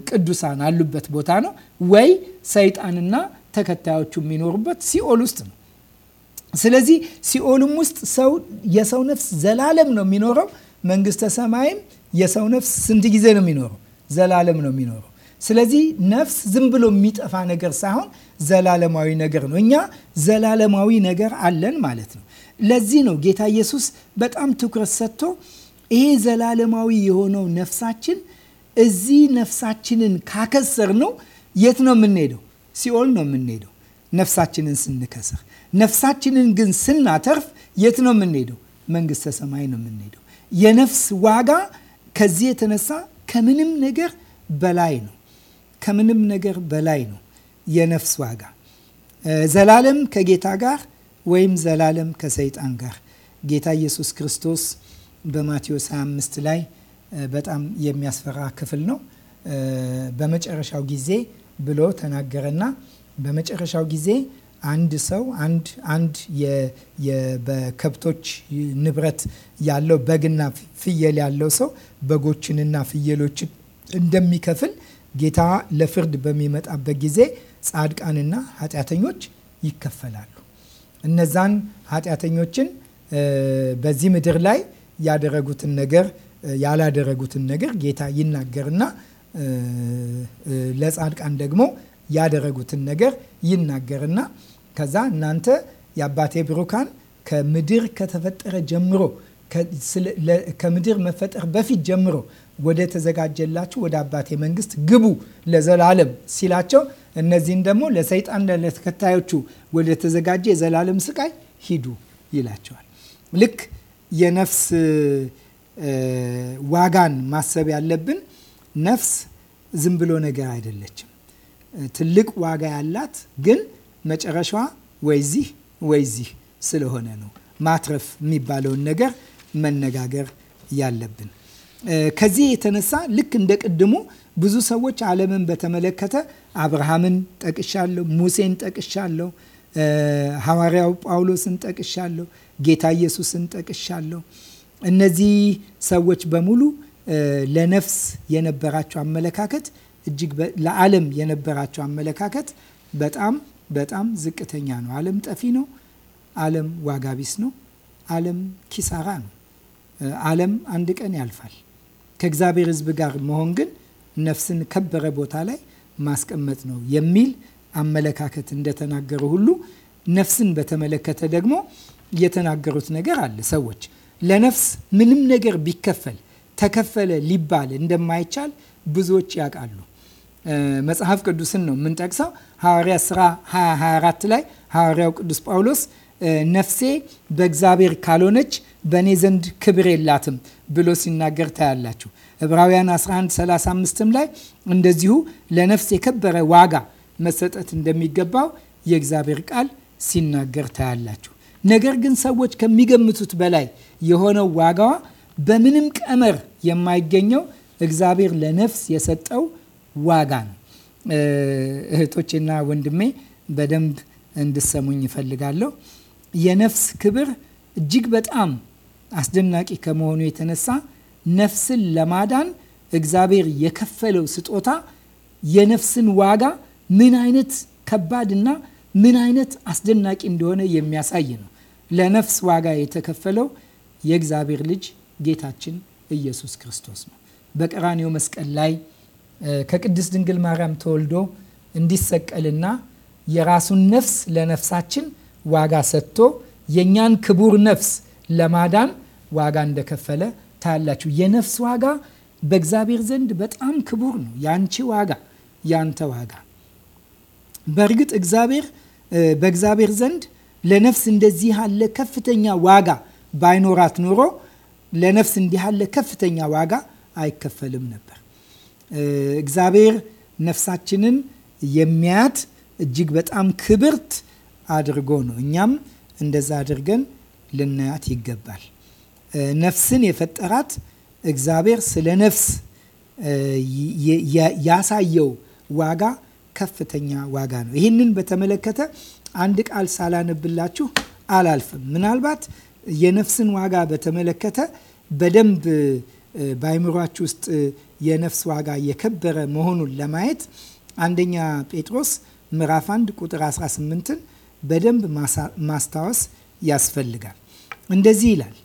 ቅዱሳን አሉበት ቦታ ነው፣ ወይ ሰይጣንና ተከታዮቹ የሚኖሩበት ሲኦል ውስጥ ነው። ስለዚህ ሲኦልም ውስጥ ሰው የሰው ነፍስ ዘላለም ነው የሚኖረው መንግስተ ሰማይም የሰው ነፍስ ስንት ጊዜ ነው የሚኖረው? ዘላለም ነው የሚኖረው። ስለዚህ ነፍስ ዝም ብሎ የሚጠፋ ነገር ሳይሆን ዘላለማዊ ነገር ነው። እኛ ዘላለማዊ ነገር አለን ማለት ነው። ለዚህ ነው ጌታ ኢየሱስ በጣም ትኩረት ሰጥቶ ይሄ ዘላለማዊ የሆነው ነፍሳችን እዚህ ነፍሳችንን ካከሰር ነው የት ነው የምንሄደው? ሲኦል ነው የምንሄደው ነፍሳችንን ስንከስር። ነፍሳችንን ግን ስናተርፍ የት ነው የምንሄደው? መንግስተ ሰማይ ነው የምንሄደው። የነፍስ ዋጋ ከዚህ የተነሳ ከምንም ነገር በላይ ነው። ከምንም ነገር በላይ ነው የነፍስ ዋጋ። ዘላለም ከጌታ ጋር ወይም ዘላለም ከሰይጣን ጋር ጌታ ኢየሱስ ክርስቶስ በማቴዎስ 25 ላይ በጣም የሚያስፈራ ክፍል ነው። በመጨረሻው ጊዜ ብሎ ተናገረና በመጨረሻው ጊዜ አንድ ሰው አንድ አንድ በከብቶች ንብረት ያለው በግና ፍየል ያለው ሰው በጎችንና ፍየሎችን እንደሚከፍል ጌታ ለፍርድ በሚመጣበት ጊዜ ጻድቃንና ኃጢአተኞች ይከፈላሉ። እነዛን ኃጢአተኞችን በዚህ ምድር ላይ ያደረጉትን ነገር ያላደረጉትን ነገር ጌታ ይናገርና ለጻድቃን ደግሞ ያደረጉትን ነገር ይናገርና ከዛ እናንተ የአባቴ ብሩካን ከምድር ከተፈጠረ ጀምሮ ከምድር መፈጠር በፊት ጀምሮ ወደ ተዘጋጀላችሁ ወደ አባቴ መንግስት ግቡ ለዘላለም ሲላቸው እነዚህን ደግሞ ለሰይጣን ለተከታዮቹ ወደ ተዘጋጀ የዘላለም ስቃይ ሂዱ ይላቸዋል። ልክ የነፍስ ዋጋን ማሰብ ያለብን ነፍስ ዝም ብሎ ነገር አይደለችም። ትልቅ ዋጋ ያላት ግን መጨረሻዋ ወይዚህ ወይዚህ ስለሆነ ነው ማትረፍ የሚባለውን ነገር መነጋገር ያለብን። ከዚህ የተነሳ ልክ እንደ ቅድሙ ብዙ ሰዎች ዓለምን በተመለከተ አብርሃምን ጠቅሻለሁ፣ ሙሴን ጠቅሻለሁ፣ ሐዋርያው ጳውሎስን ጠቅሻለሁ፣ ጌታ ኢየሱስን ጠቅሻለሁ። እነዚህ ሰዎች በሙሉ ለነፍስ የነበራቸው አመለካከት እጅግ ለዓለም የነበራቸው አመለካከት በጣም በጣም ዝቅተኛ ነው። ዓለም ጠፊ ነው። ዓለም ዋጋ ቢስ ነው። ዓለም ኪሳራ ነው። ዓለም አንድ ቀን ያልፋል። ከእግዚአብሔር ሕዝብ ጋር መሆን ግን ነፍስን ከበረ ቦታ ላይ ማስቀመጥ ነው የሚል አመለካከት እንደተናገሩ ሁሉ ነፍስን በተመለከተ ደግሞ የተናገሩት ነገር አለ። ሰዎች ለነፍስ ምንም ነገር ቢከፈል ተከፈለ ሊባል እንደማይቻል ብዙዎች ያውቃሉ። መጽሐፍ ቅዱስን ነው የምንጠቅሰው። ሐዋርያ ስራ 224 ላይ ሐዋርያው ቅዱስ ጳውሎስ ነፍሴ በእግዚአብሔር ካልሆነች በእኔ ዘንድ ክብር የላትም ብሎ ሲናገር ታያላችሁ። ዕብራውያን 1135ም ላይ እንደዚሁ ለነፍስ የከበረ ዋጋ መሰጠት እንደሚገባው የእግዚአብሔር ቃል ሲናገር ታያላችሁ። ነገር ግን ሰዎች ከሚገምቱት በላይ የሆነው ዋጋዋ በምንም ቀመር የማይገኘው እግዚአብሔር ለነፍስ የሰጠው ዋጋ ነው። እህቶቼና ወንድሜ በደንብ እንድሰሙኝ ይፈልጋለሁ የነፍስ ክብር እጅግ በጣም አስደናቂ ከመሆኑ የተነሳ ነፍስን ለማዳን እግዚአብሔር የከፈለው ስጦታ የነፍስን ዋጋ ምን አይነት ከባድና ምን አይነት አስደናቂ እንደሆነ የሚያሳይ ነው። ለነፍስ ዋጋ የተከፈለው የእግዚአብሔር ልጅ ጌታችን ኢየሱስ ክርስቶስ ነው። በቀራኔው መስቀል ላይ ከቅድስት ድንግል ማርያም ተወልዶ እንዲሰቀልና የራሱን ነፍስ ለነፍሳችን ዋጋ ሰጥቶ የእኛን ክቡር ነፍስ ለማዳን ዋጋ እንደከፈለ ታያላችሁ። የነፍስ ዋጋ በእግዚአብሔር ዘንድ በጣም ክቡር ነው። ያንቺ ዋጋ፣ ያንተ ዋጋ። በእርግጥ እግዚአብሔር በእግዚአብሔር ዘንድ ለነፍስ እንደዚህ ያለ ከፍተኛ ዋጋ ባይኖራት ኖሮ ለነፍስ እንዲህ ያለ ከፍተኛ ዋጋ አይከፈልም ነበር። እግዚአብሔር ነፍሳችንን የሚያት እጅግ በጣም ክብርት አድርጎ ነው። እኛም እንደዛ አድርገን ልናያት ይገባል። ነፍስን የፈጠራት እግዚአብሔር ስለ ነፍስ ያሳየው ዋጋ ከፍተኛ ዋጋ ነው። ይህንን በተመለከተ አንድ ቃል ሳላነብላችሁ አላልፍም። ምናልባት የነፍስን ዋጋ በተመለከተ በደንብ በአይምሯችሁ ውስጥ የነፍስ ዋጋ የከበረ መሆኑን ለማየት አንደኛ ጴጥሮስ ምዕራፍ 1 ቁጥር 18ን በደንብ ማስታወስ ያስፈልጋል። እንደዚህ ይላል፣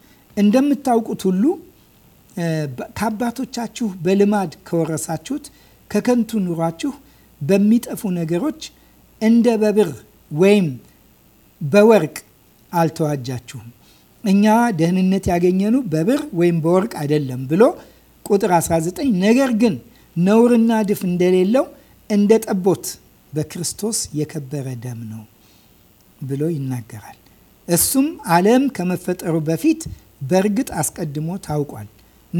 እንደምታውቁት ሁሉ ከአባቶቻችሁ በልማድ ከወረሳችሁት ከከንቱ ኑሯችሁ በሚጠፉ ነገሮች እንደ በብር ወይም በወርቅ አልተዋጃችሁም። እኛ ደህንነት ያገኘኑ በብር ወይም በወርቅ አይደለም ብሎ ቁጥር 19 ነገር ግን ነውርና ድፍ እንደሌለው እንደ ጠቦት በክርስቶስ የከበረ ደም ነው ብሎ ይናገራል። እሱም ዓለም ከመፈጠሩ በፊት በእርግጥ አስቀድሞ ታውቋል፣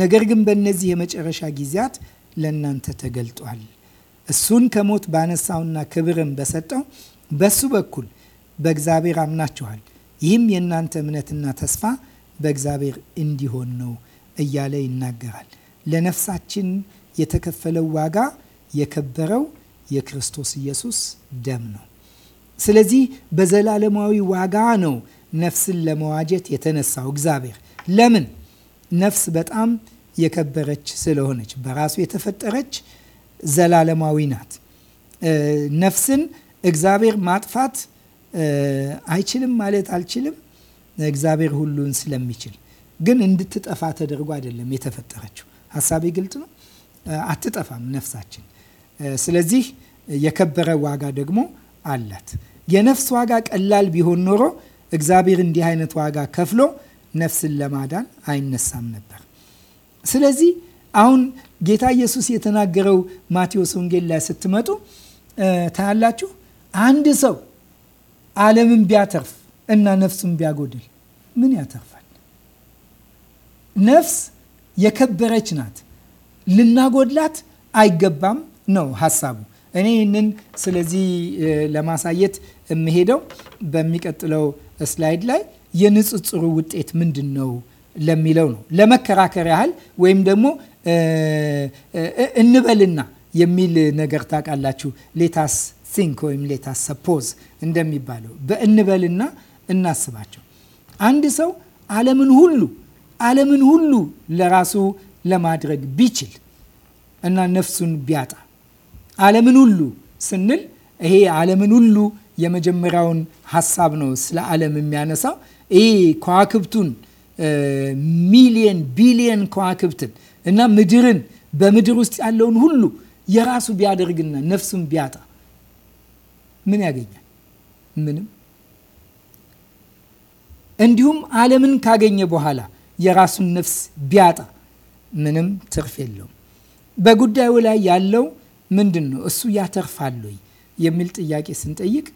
ነገር ግን በእነዚህ የመጨረሻ ጊዜያት ለእናንተ ተገልጧል። እሱን ከሞት ባነሳውና ክብርን በሰጠው በሱ በኩል በእግዚአብሔር አምናችኋል። ይህም የእናንተ እምነትና ተስፋ በእግዚአብሔር እንዲሆን ነው እያለ ይናገራል። ለነፍሳችን የተከፈለው ዋጋ የከበረው የክርስቶስ ኢየሱስ ደም ነው። ስለዚህ በዘላለማዊ ዋጋ ነው ነፍስን ለመዋጀት የተነሳው እግዚአብሔር። ለምን? ነፍስ በጣም የከበረች ስለሆነች በራሱ የተፈጠረች ዘላለማዊ ናት። ነፍስን እግዚአብሔር ማጥፋት አይችልም ማለት አልችልም። እግዚአብሔር ሁሉን ስለሚችል ግን እንድትጠፋ ተደርጎ አይደለም የተፈጠረችው ሀሳቤ ግልጽ ነው። አትጠፋም ነፍሳችን። ስለዚህ የከበረ ዋጋ ደግሞ አላት። የነፍስ ዋጋ ቀላል ቢሆን ኖሮ እግዚአብሔር እንዲህ አይነት ዋጋ ከፍሎ ነፍስን ለማዳን አይነሳም ነበር። ስለዚህ አሁን ጌታ ኢየሱስ የተናገረው ማቴዎስ ወንጌል ላይ ስትመጡ ታያላችሁ። አንድ ሰው ዓለምን ቢያተርፍ እና ነፍሱን ቢያጎድል ምን ያተርፋል? ነፍስ የከበረች ናት። ልናጎድላት አይገባም ነው ሀሳቡ። እኔ ይህንን ስለዚህ ለማሳየት የምሄደው በሚቀጥለው ስላይድ ላይ የንጽጽሩ ውጤት ምንድን ነው ለሚለው ነው። ለመከራከር ያህል ወይም ደግሞ እንበልና የሚል ነገር ታውቃላችሁ፣ ሌታስ ሲንክ ወይም ሌታስ ሰፖዝ እንደሚባለው በእንበልና እናስባቸው አንድ ሰው ዓለምን ሁሉ ዓለምን ሁሉ ለራሱ ለማድረግ ቢችል እና ነፍሱን ቢያጣ ዓለምን ሁሉ ስንል ይሄ ዓለምን ሁሉ የመጀመሪያውን ሀሳብ ነው። ስለ ዓለም የሚያነሳው ይሄ ከዋክብቱን ሚሊየን ቢሊየን ከዋክብትን እና ምድርን በምድር ውስጥ ያለውን ሁሉ የራሱ ቢያደርግና ነፍሱን ቢያጣ ምን ያገኛል? ምንም። እንዲሁም ዓለምን ካገኘ በኋላ የራሱን ነፍስ ቢያጣ ምንም ትርፍ የለውም። በጉዳዩ ላይ ያለው ምንድን ነው? እሱ ያተርፋል ወይ የሚል ጥያቄ ስንጠይቅ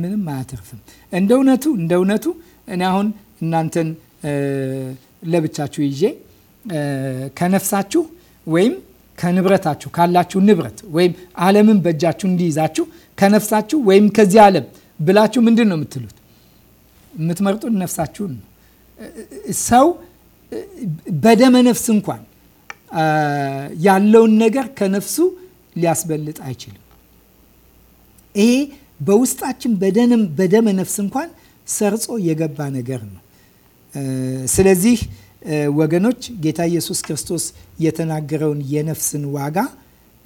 ምንም አያተርፍም። እንደ እውነቱ እንደ እውነቱ እኔ አሁን እናንተን ለብቻችሁ ይዤ ከነፍሳችሁ ወይም ከንብረታችሁ ካላችሁ ንብረት ወይም ዓለምን በእጃችሁ እንዲይዛችሁ ከነፍሳችሁ ወይም ከዚህ ዓለም ብላችሁ ምንድን ነው የምትሉት? የምትመርጡት ነፍሳችሁን ነው። ሰው በደመ ነፍስ እንኳን ያለውን ነገር ከነፍሱ ሊያስበልጥ አይችልም። ይሄ በውስጣችን በደመ ነፍስ እንኳን ሰርጾ የገባ ነገር ነው። ስለዚህ ወገኖች ጌታ ኢየሱስ ክርስቶስ የተናገረውን የነፍስን ዋጋ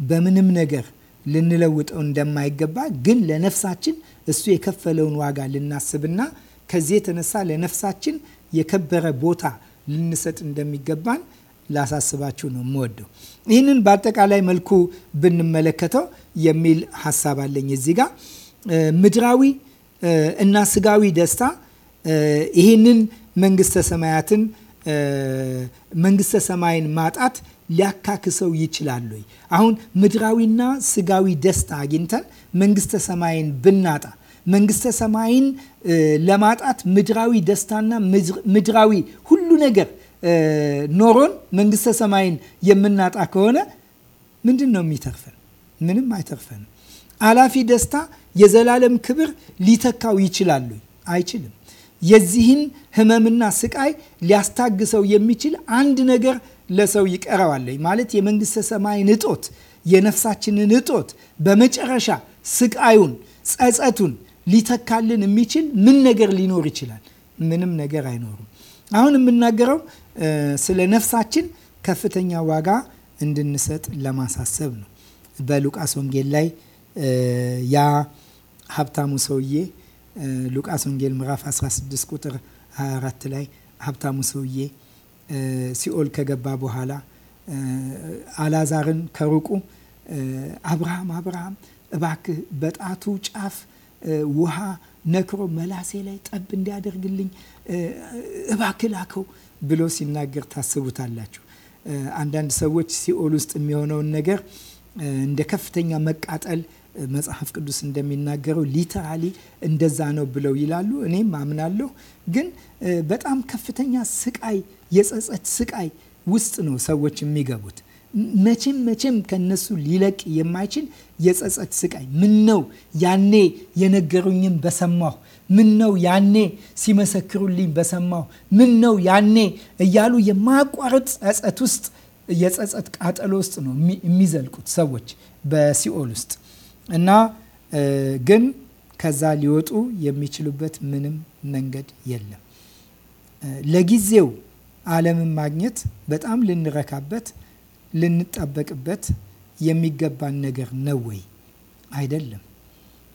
በምንም ነገር ልንለውጠው እንደማይገባ ግን ለነፍሳችን እሱ የከፈለውን ዋጋ ልናስብና ከዚህ የተነሳ ለነፍሳችን የከበረ ቦታ ልንሰጥ እንደሚገባን ላሳስባችሁ ነው የምወደው። ይህንን በአጠቃላይ መልኩ ብንመለከተው የሚል ሀሳብ አለኝ እዚህ ጋር ምድራዊ እና ስጋዊ ደስታ ይህንን መንግስተ ሰማያትን መንግስተ ሰማይን ማጣት ሊያካክሰው ይችላሉ። አሁን ምድራዊና ስጋዊ ደስታ አግኝተን መንግስተ ሰማይን ብናጣ መንግስተ ሰማይን ለማጣት ምድራዊ ደስታና ምድራዊ ሁሉ ነገር ኖሮን መንግስተ ሰማይን የምናጣ ከሆነ ምንድን ነው የሚተርፈን? ምንም አይተርፈንም። አላፊ ደስታ፣ የዘላለም ክብር ሊተካው ይችላሉ? አይችልም። የዚህን ህመምና ስቃይ ሊያስታግሰው የሚችል አንድ ነገር ለሰው ይቀረዋል ማለት የመንግስተ ሰማይን እጦት፣ የነፍሳችንን እጦት በመጨረሻ ስቃዩን፣ ጸጸቱን ሊተካልን የሚችል ምን ነገር ሊኖር ይችላል? ምንም ነገር አይኖርም። አሁን የምናገረው ስለ ነፍሳችን ከፍተኛ ዋጋ እንድንሰጥ ለማሳሰብ ነው። በሉቃስ ወንጌል ላይ ያ ሀብታሙ ሰውዬ ሉቃስ ወንጌል ምዕራፍ 16 ቁጥር 24 ላይ ሀብታሙ ሰውዬ ሲኦል ከገባ በኋላ አላዛርን ከሩቁ አብርሃም አብርሃም እባክህ በጣቱ ጫፍ ውሃ ነክሮ መላሴ ላይ ጠብ እንዲያደርግልኝ እባክላከው ብሎ ሲናገር ታስቡታላችሁ። አንዳንድ ሰዎች ሲኦል ውስጥ የሚሆነውን ነገር እንደ ከፍተኛ መቃጠል መጽሐፍ ቅዱስ እንደሚናገረው ሊተራሊ እንደዛ ነው ብለው ይላሉ። እኔም አምናለሁ። ግን በጣም ከፍተኛ ስቃይ፣ የጸጸት ስቃይ ውስጥ ነው ሰዎች የሚገቡት። መቼም መቼም ከነሱ ሊለቅ የማይችል የጸጸት ስቃይ። ምን ነው ያኔ የነገሩኝም በሰማሁ፣ ምን ነው ያኔ ሲመሰክሩልኝ በሰማሁ፣ ምን ነው ያኔ እያሉ የማያቋርጥ ጸጸት ውስጥ የጸጸት ቃጠሎ ውስጥ ነው የሚዘልቁት ሰዎች በሲኦል ውስጥ እና ግን ከዛ ሊወጡ የሚችሉበት ምንም መንገድ የለም። ለጊዜው ዓለምን ማግኘት በጣም ልንረካበት ልንጠበቅበት የሚገባን ነገር ነው ወይ? አይደለም።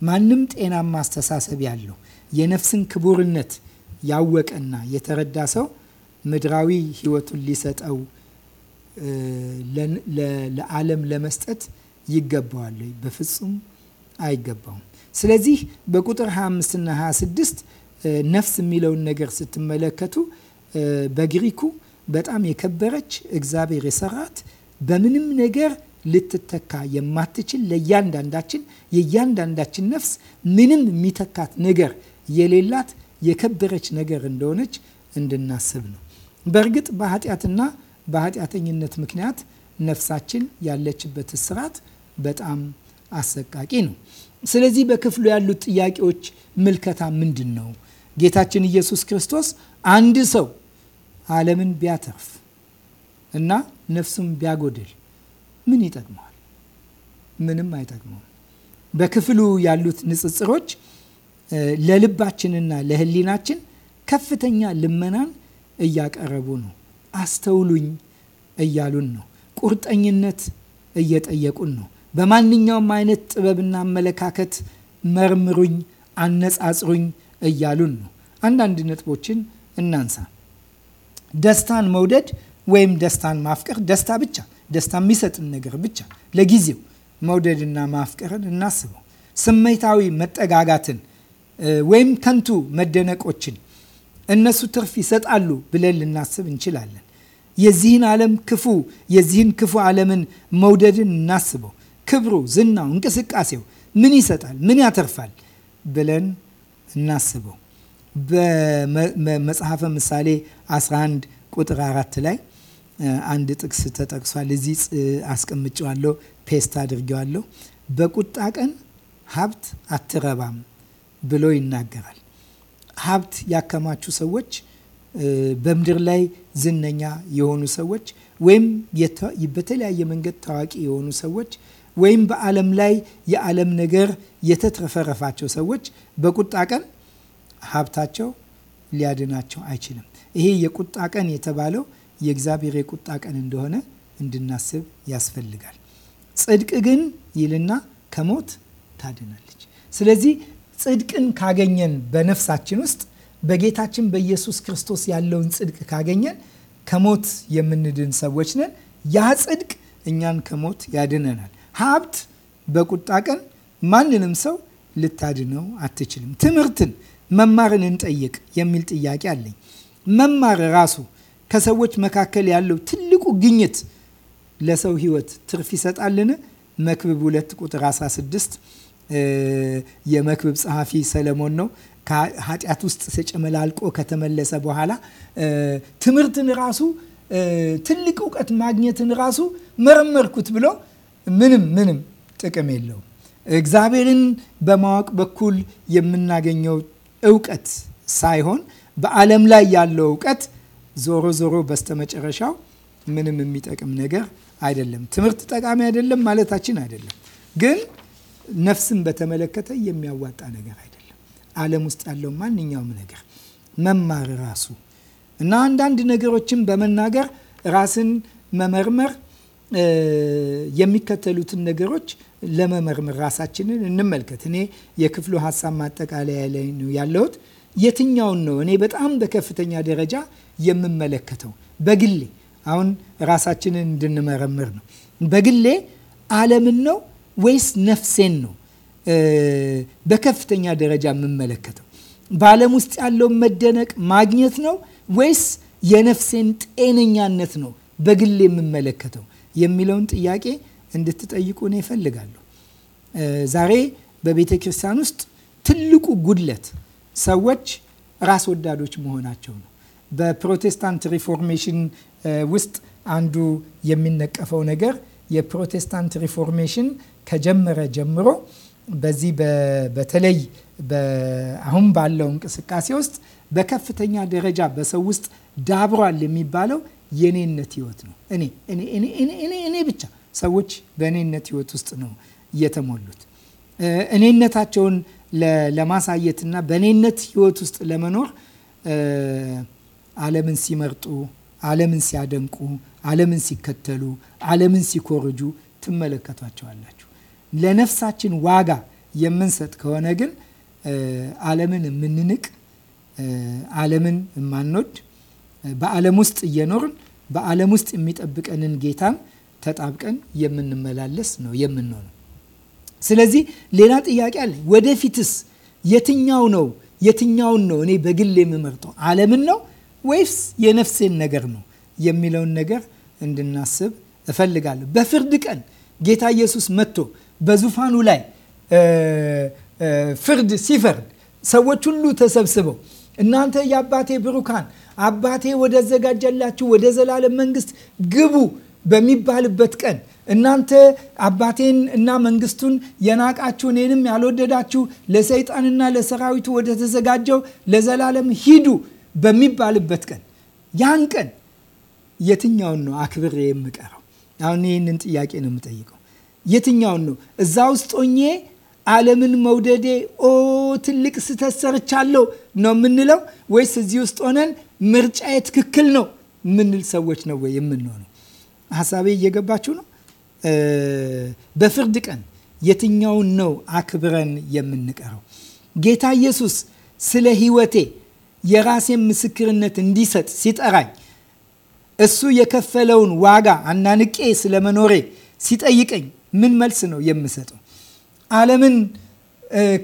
ማንም ጤናማ አስተሳሰብ ያለው የነፍስን ክቡርነት ያወቀና የተረዳ ሰው ምድራዊ ሕይወቱን ሊሰጠው ለዓለም ለመስጠት ይገባዋል? በፍጹም አይገባውም። ስለዚህ በቁጥር 25 እና 26 ነፍስ የሚለውን ነገር ስትመለከቱ በግሪኩ በጣም የከበረች እግዚአብሔር የሰራት በምንም ነገር ልትተካ የማትችል ለእያንዳንዳችን የእያንዳንዳችን ነፍስ ምንም የሚተካት ነገር የሌላት የከበረች ነገር እንደሆነች እንድናስብ ነው። በእርግጥ በኃጢአትና በኃጢአተኝነት ምክንያት ነፍሳችን ያለችበት እስራት በጣም አሰቃቂ ነው። ስለዚህ በክፍሉ ያሉት ጥያቄዎች ምልከታ ምንድን ነው? ጌታችን ኢየሱስ ክርስቶስ አንድ ሰው ዓለምን ቢያተርፍ እና ነፍሱም ቢያጎድል ምን ይጠቅመዋል? ምንም አይጠቅመውም። በክፍሉ ያሉት ንጽጽሮች ለልባችንና ለሕሊናችን ከፍተኛ ልመናን እያቀረቡ ነው። አስተውሉኝ እያሉን ነው። ቁርጠኝነት እየጠየቁን ነው። በማንኛውም አይነት ጥበብና አመለካከት መርምሩኝ፣ አነጻጽሩኝ እያሉን ነው። አንዳንድ ነጥቦችን እናንሳ። ደስታን መውደድ ወይም ደስታን ማፍቀር ደስታ ብቻ ደስታ የሚሰጥን ነገር ብቻ ለጊዜው መውደድና ማፍቀርን እናስበው። ስሜታዊ መጠጋጋትን ወይም ከንቱ መደነቆችን እነሱ ትርፍ ይሰጣሉ ብለን ልናስብ እንችላለን። የዚህን ዓለም ክፉ የዚህን ክፉ ዓለምን መውደድን እናስበው። ክብሩ፣ ዝናው፣ እንቅስቃሴው ምን ይሰጣል? ምን ያተርፋል? ብለን እናስበው። በመጽሐፈ ምሳሌ 11 ቁጥር 4 ላይ አንድ ጥቅስ ተጠቅሷል። እዚህ አስቀምጨዋለሁ፣ ፔስት አድርጌዋለሁ። በቁጣ ቀን ሀብት አትረባም ብሎ ይናገራል። ሀብት ያከማቹ ሰዎች በምድር ላይ ዝነኛ የሆኑ ሰዎች ወይም በተለያየ መንገድ ታዋቂ የሆኑ ሰዎች ወይም በዓለም ላይ የዓለም ነገር የተትረፈረፋቸው ሰዎች በቁጣ ቀን ሀብታቸው ሊያድናቸው አይችልም። ይሄ የቁጣ ቀን የተባለው የእግዚአብሔር የቁጣ ቀን እንደሆነ እንድናስብ ያስፈልጋል። ጽድቅ ግን ይልና ከሞት ታድናለች። ስለዚህ ጽድቅን ካገኘን በነፍሳችን ውስጥ በጌታችን በኢየሱስ ክርስቶስ ያለውን ጽድቅ ካገኘን ከሞት የምንድን ሰዎች ነን። ያ ጽድቅ እኛን ከሞት ያድነናል። ሀብት በቁጣ ቀን ማንንም ሰው ልታድነው አትችልም። ትምህርትን፣ መማርን እንጠይቅ የሚል ጥያቄ አለኝ። መማር ራሱ ከሰዎች መካከል ያለው ትልቁ ግኝት ለሰው ህይወት ትርፍ ይሰጣልን? መክብብ ሁለት ቁጥር 16 የመክብብ ጸሐፊ ሰለሞን ነው። ከኃጢአት ውስጥ ተጨመላልቆ ከተመለሰ በኋላ ትምህርትን ራሱ ትልቅ እውቀት ማግኘትን ራሱ መረመርኩት ብሎ ምንም ምንም ጥቅም የለውም። እግዚአብሔርን በማወቅ በኩል የምናገኘው እውቀት ሳይሆን በዓለም ላይ ያለው እውቀት ዞሮ ዞሮ በስተመጨረሻው ምንም የሚጠቅም ነገር አይደለም። ትምህርት ጠቃሚ አይደለም ማለታችን አይደለም፣ ግን ነፍስን በተመለከተ የሚያዋጣ ነገር አይደለም። ዓለም ውስጥ ያለው ማንኛውም ነገር መማር ራሱ እና አንዳንድ ነገሮችን በመናገር ራስን መመርመር የሚከተሉትን ነገሮች ለመመርመር ራሳችንን እንመልከት። እኔ የክፍሉ ሀሳብ ማጠቃለያ ላይ ነው ያለሁት። የትኛውን ነው እኔ በጣም በከፍተኛ ደረጃ የምመለከተው? በግሌ አሁን ራሳችንን እንድንመረምር ነው። በግሌ ዓለምን ነው ወይስ ነፍሴን ነው በከፍተኛ ደረጃ የምመለከተው? በዓለም ውስጥ ያለውን መደነቅ ማግኘት ነው ወይስ የነፍሴን ጤነኛነት ነው በግሌ የምመለከተው የሚለውን ጥያቄ እንድትጠይቁ እኔ እፈልጋለሁ። ዛሬ በቤተ ክርስቲያን ውስጥ ትልቁ ጉድለት ሰዎች ራስ ወዳዶች መሆናቸው ነው። በፕሮቴስታንት ሪፎርሜሽን ውስጥ አንዱ የሚነቀፈው ነገር የፕሮቴስታንት ሪፎርሜሽን ከጀመረ ጀምሮ በዚህ በተለይ አሁን ባለው እንቅስቃሴ ውስጥ በከፍተኛ ደረጃ በሰው ውስጥ ዳብሯል የሚባለው የኔነት ህይወት ነው። እኔ እኔ እኔ እኔ እኔ ብቻ ሰዎች በእኔነት ህይወት ውስጥ ነው የተሞሉት። እኔነታቸውን ለማሳየትና በእኔነት ህይወት ውስጥ ለመኖር ዓለምን ሲመርጡ፣ ዓለምን ሲያደንቁ፣ ዓለምን ሲከተሉ፣ ዓለምን ሲኮርጁ ትመለከቷቸዋላችሁ። ለነፍሳችን ዋጋ የምንሰጥ ከሆነ ግን ዓለምን የምንንቅ፣ ዓለምን የማንወድ በዓለም ውስጥ እየኖርን በዓለም ውስጥ የሚጠብቀንን ጌታም ተጣብቀን የምንመላለስ ነው የምንሆነው። ስለዚህ ሌላ ጥያቄ አለ። ወደፊትስ የትኛው ነው የትኛውን ነው እኔ በግል የምመርጠው ዓለምን ነው ወይስ የነፍሴን ነገር ነው የሚለውን ነገር እንድናስብ እፈልጋለሁ። በፍርድ ቀን ጌታ ኢየሱስ መጥቶ በዙፋኑ ላይ ፍርድ ሲፈርድ ሰዎች ሁሉ ተሰብስበው እናንተ የአባቴ ብሩካን አባቴ ወደ ወደ ዘላለም መንግስት ግቡ በሚባልበት ቀን እናንተ አባቴን እና መንግስቱን የናቃችሁ እኔንም ያልወደዳችሁ ለሰይጣንና ለሰራዊቱ ወደ ተዘጋጀው ለዘላለም ሂዱ በሚባልበት ቀን ያን ቀን የትኛውን ነው አክብሬ የምቀረው? አሁን ይህንን ጥያቄ ነው የምጠይቀው። የትኛውን ነው እዛ ውስጥ ሆኜ ዓለምን መውደዴ ኦ ትልቅ ስህተት ሰርቻለሁ ነው የምንለው ወይስ እዚህ ውስጥ ሆነን ምርጫዬ ትክክል ነው ምንል ሰዎች ነው ወይ የምንሆነው? ሀሳቤ እየገባችሁ ነው? በፍርድ ቀን የትኛውን ነው አክብረን የምንቀረው? ጌታ ኢየሱስ ስለ ሕይወቴ የራሴን ምስክርነት እንዲሰጥ ሲጠራኝ እሱ የከፈለውን ዋጋ አናንቄ ስለ መኖሬ ሲጠይቀኝ ምን መልስ ነው የምሰጠው? ዓለምን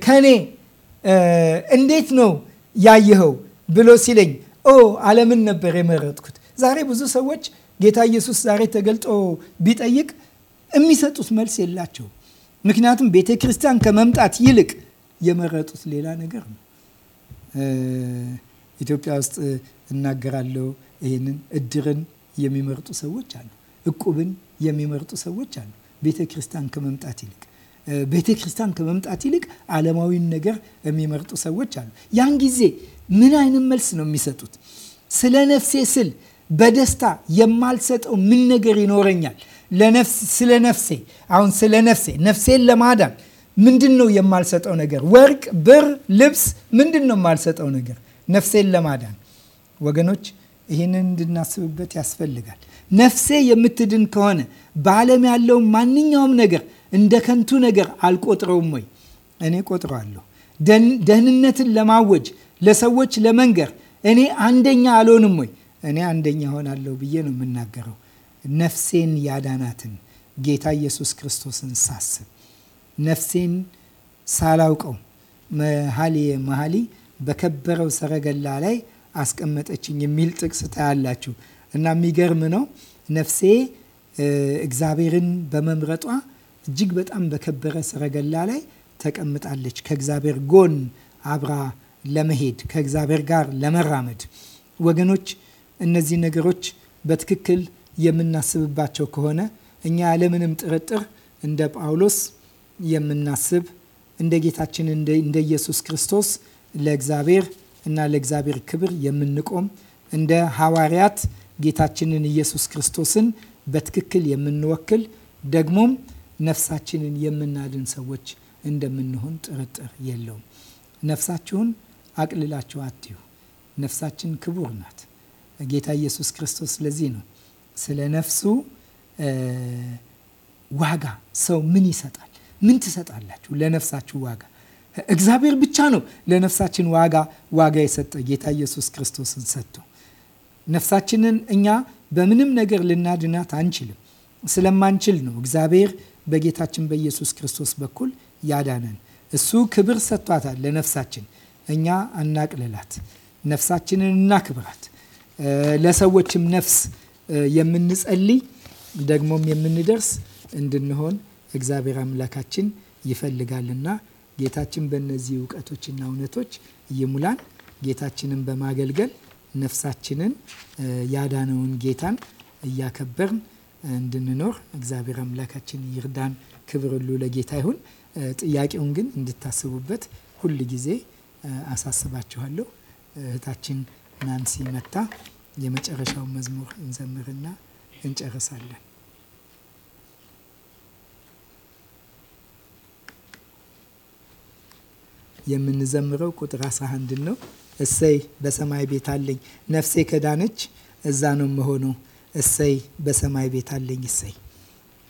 ከኔ እንዴት ነው ያየኸው ብሎ ሲለኝ ኦ ዓለምን ነበር የመረጥኩት። ዛሬ ብዙ ሰዎች ጌታ ኢየሱስ ዛሬ ተገልጦ ቢጠይቅ የሚሰጡት መልስ የላቸው። ምክንያቱም ቤተ ክርስቲያን ከመምጣት ይልቅ የመረጡት ሌላ ነገር ነው። ኢትዮጵያ ውስጥ እናገራለሁ ይህንን። እድርን የሚመርጡ ሰዎች አሉ። እቁብን የሚመርጡ ሰዎች አሉ። ቤተ ክርስቲያን ከመምጣት ይልቅ ቤተ ክርስቲያን ከመምጣት ይልቅ ዓለማዊን ነገር የሚመርጡ ሰዎች አሉ። ያን ጊዜ ምን አይነት መልስ ነው የሚሰጡት? ስለ ነፍሴ ስል በደስታ የማልሰጠው ምን ነገር ይኖረኛል? ስለ ነፍሴ አሁን ስለ ነፍሴ ነፍሴን ለማዳን ምንድን ነው የማልሰጠው ነገር? ወርቅ፣ ብር፣ ልብስ ምንድን ነው የማልሰጠው ነገር? ነፍሴን ለማዳን ወገኖች፣ ይህንን እንድናስብበት ያስፈልጋል። ነፍሴ የምትድን ከሆነ በዓለም ያለው ማንኛውም ነገር እንደ ከንቱ ነገር አልቆጥረውም ወይ? እኔ ቆጥረዋለሁ። ደህንነትን ለማወጅ ለሰዎች ለመንገር እኔ አንደኛ አልሆንም ወይ? እኔ አንደኛ ሆናለሁ ብዬ ነው የምናገረው። ነፍሴን ያዳናትን ጌታ ኢየሱስ ክርስቶስን ሳስብ ነፍሴን ሳላውቀው መሀሌ መሀሊ በከበረው ሰረገላ ላይ አስቀመጠችኝ የሚል ጥቅስ ታያላችሁ እና የሚገርም ነው። ነፍሴ እግዚአብሔርን በመምረጧ እጅግ በጣም በከበረ ሰረገላ ላይ ተቀምጣለች። ከእግዚአብሔር ጎን አብራ ለመሄድ ከእግዚአብሔር ጋር ለመራመድ ወገኖች፣ እነዚህ ነገሮች በትክክል የምናስብባቸው ከሆነ እኛ ያለምንም ጥርጥር እንደ ጳውሎስ የምናስብ እንደ ጌታችን እንደ ኢየሱስ ክርስቶስ ለእግዚአብሔር እና ለእግዚአብሔር ክብር የምንቆም እንደ ሐዋርያት ጌታችንን ኢየሱስ ክርስቶስን በትክክል የምንወክል ደግሞም ነፍሳችንን የምናድን ሰዎች እንደምንሆን ጥርጥር የለውም። ነፍሳችሁን አቅልላችሁ አትዩ። ነፍሳችን ክቡር ናት። ጌታ ኢየሱስ ክርስቶስ ለዚህ ነው ስለ ነፍሱ ዋጋ ሰው ምን ይሰጣል? ምን ትሰጣላችሁ ለነፍሳችሁ ዋጋ? እግዚአብሔር ብቻ ነው ለነፍሳችን ዋጋ ዋጋ የሰጠ ጌታ ኢየሱስ ክርስቶስን ሰጥቶ ነፍሳችንን እኛ በምንም ነገር ልናድናት አንችልም። ስለማንችል ነው እግዚአብሔር በጌታችን በኢየሱስ ክርስቶስ በኩል ያዳነን። እሱ ክብር ሰጥቷታል ለነፍሳችን። እኛ አናቅልላት፣ ነፍሳችንን እናክብራት። ለሰዎችም ነፍስ የምንጸልይ ደግሞም የምንደርስ እንድንሆን እግዚአብሔር አምላካችን ይፈልጋልና ጌታችን በእነዚህ እውቀቶችና እውነቶች ይሙላን። ጌታችንን በማገልገል ነፍሳችንን ያዳነውን ጌታን እያከበርን እንድንኖር እግዚአብሔር አምላካችን ይርዳን። ክብር ሁሉ ለጌታ ይሁን። ጥያቄውን ግን እንድታስቡበት ሁል ጊዜ አሳስባችኋለሁ። እህታችን ናንሲ መታ የመጨረሻውን መዝሙር እንዘምርና እንጨርሳለን። የምንዘምረው ቁጥር 11 ነው። እሰይ በሰማይ ቤት አለኝ፣ ነፍሴ ከዳነች እዛ ነው መሆነው። እሰይ በሰማይ ቤት አለኝ እሰይ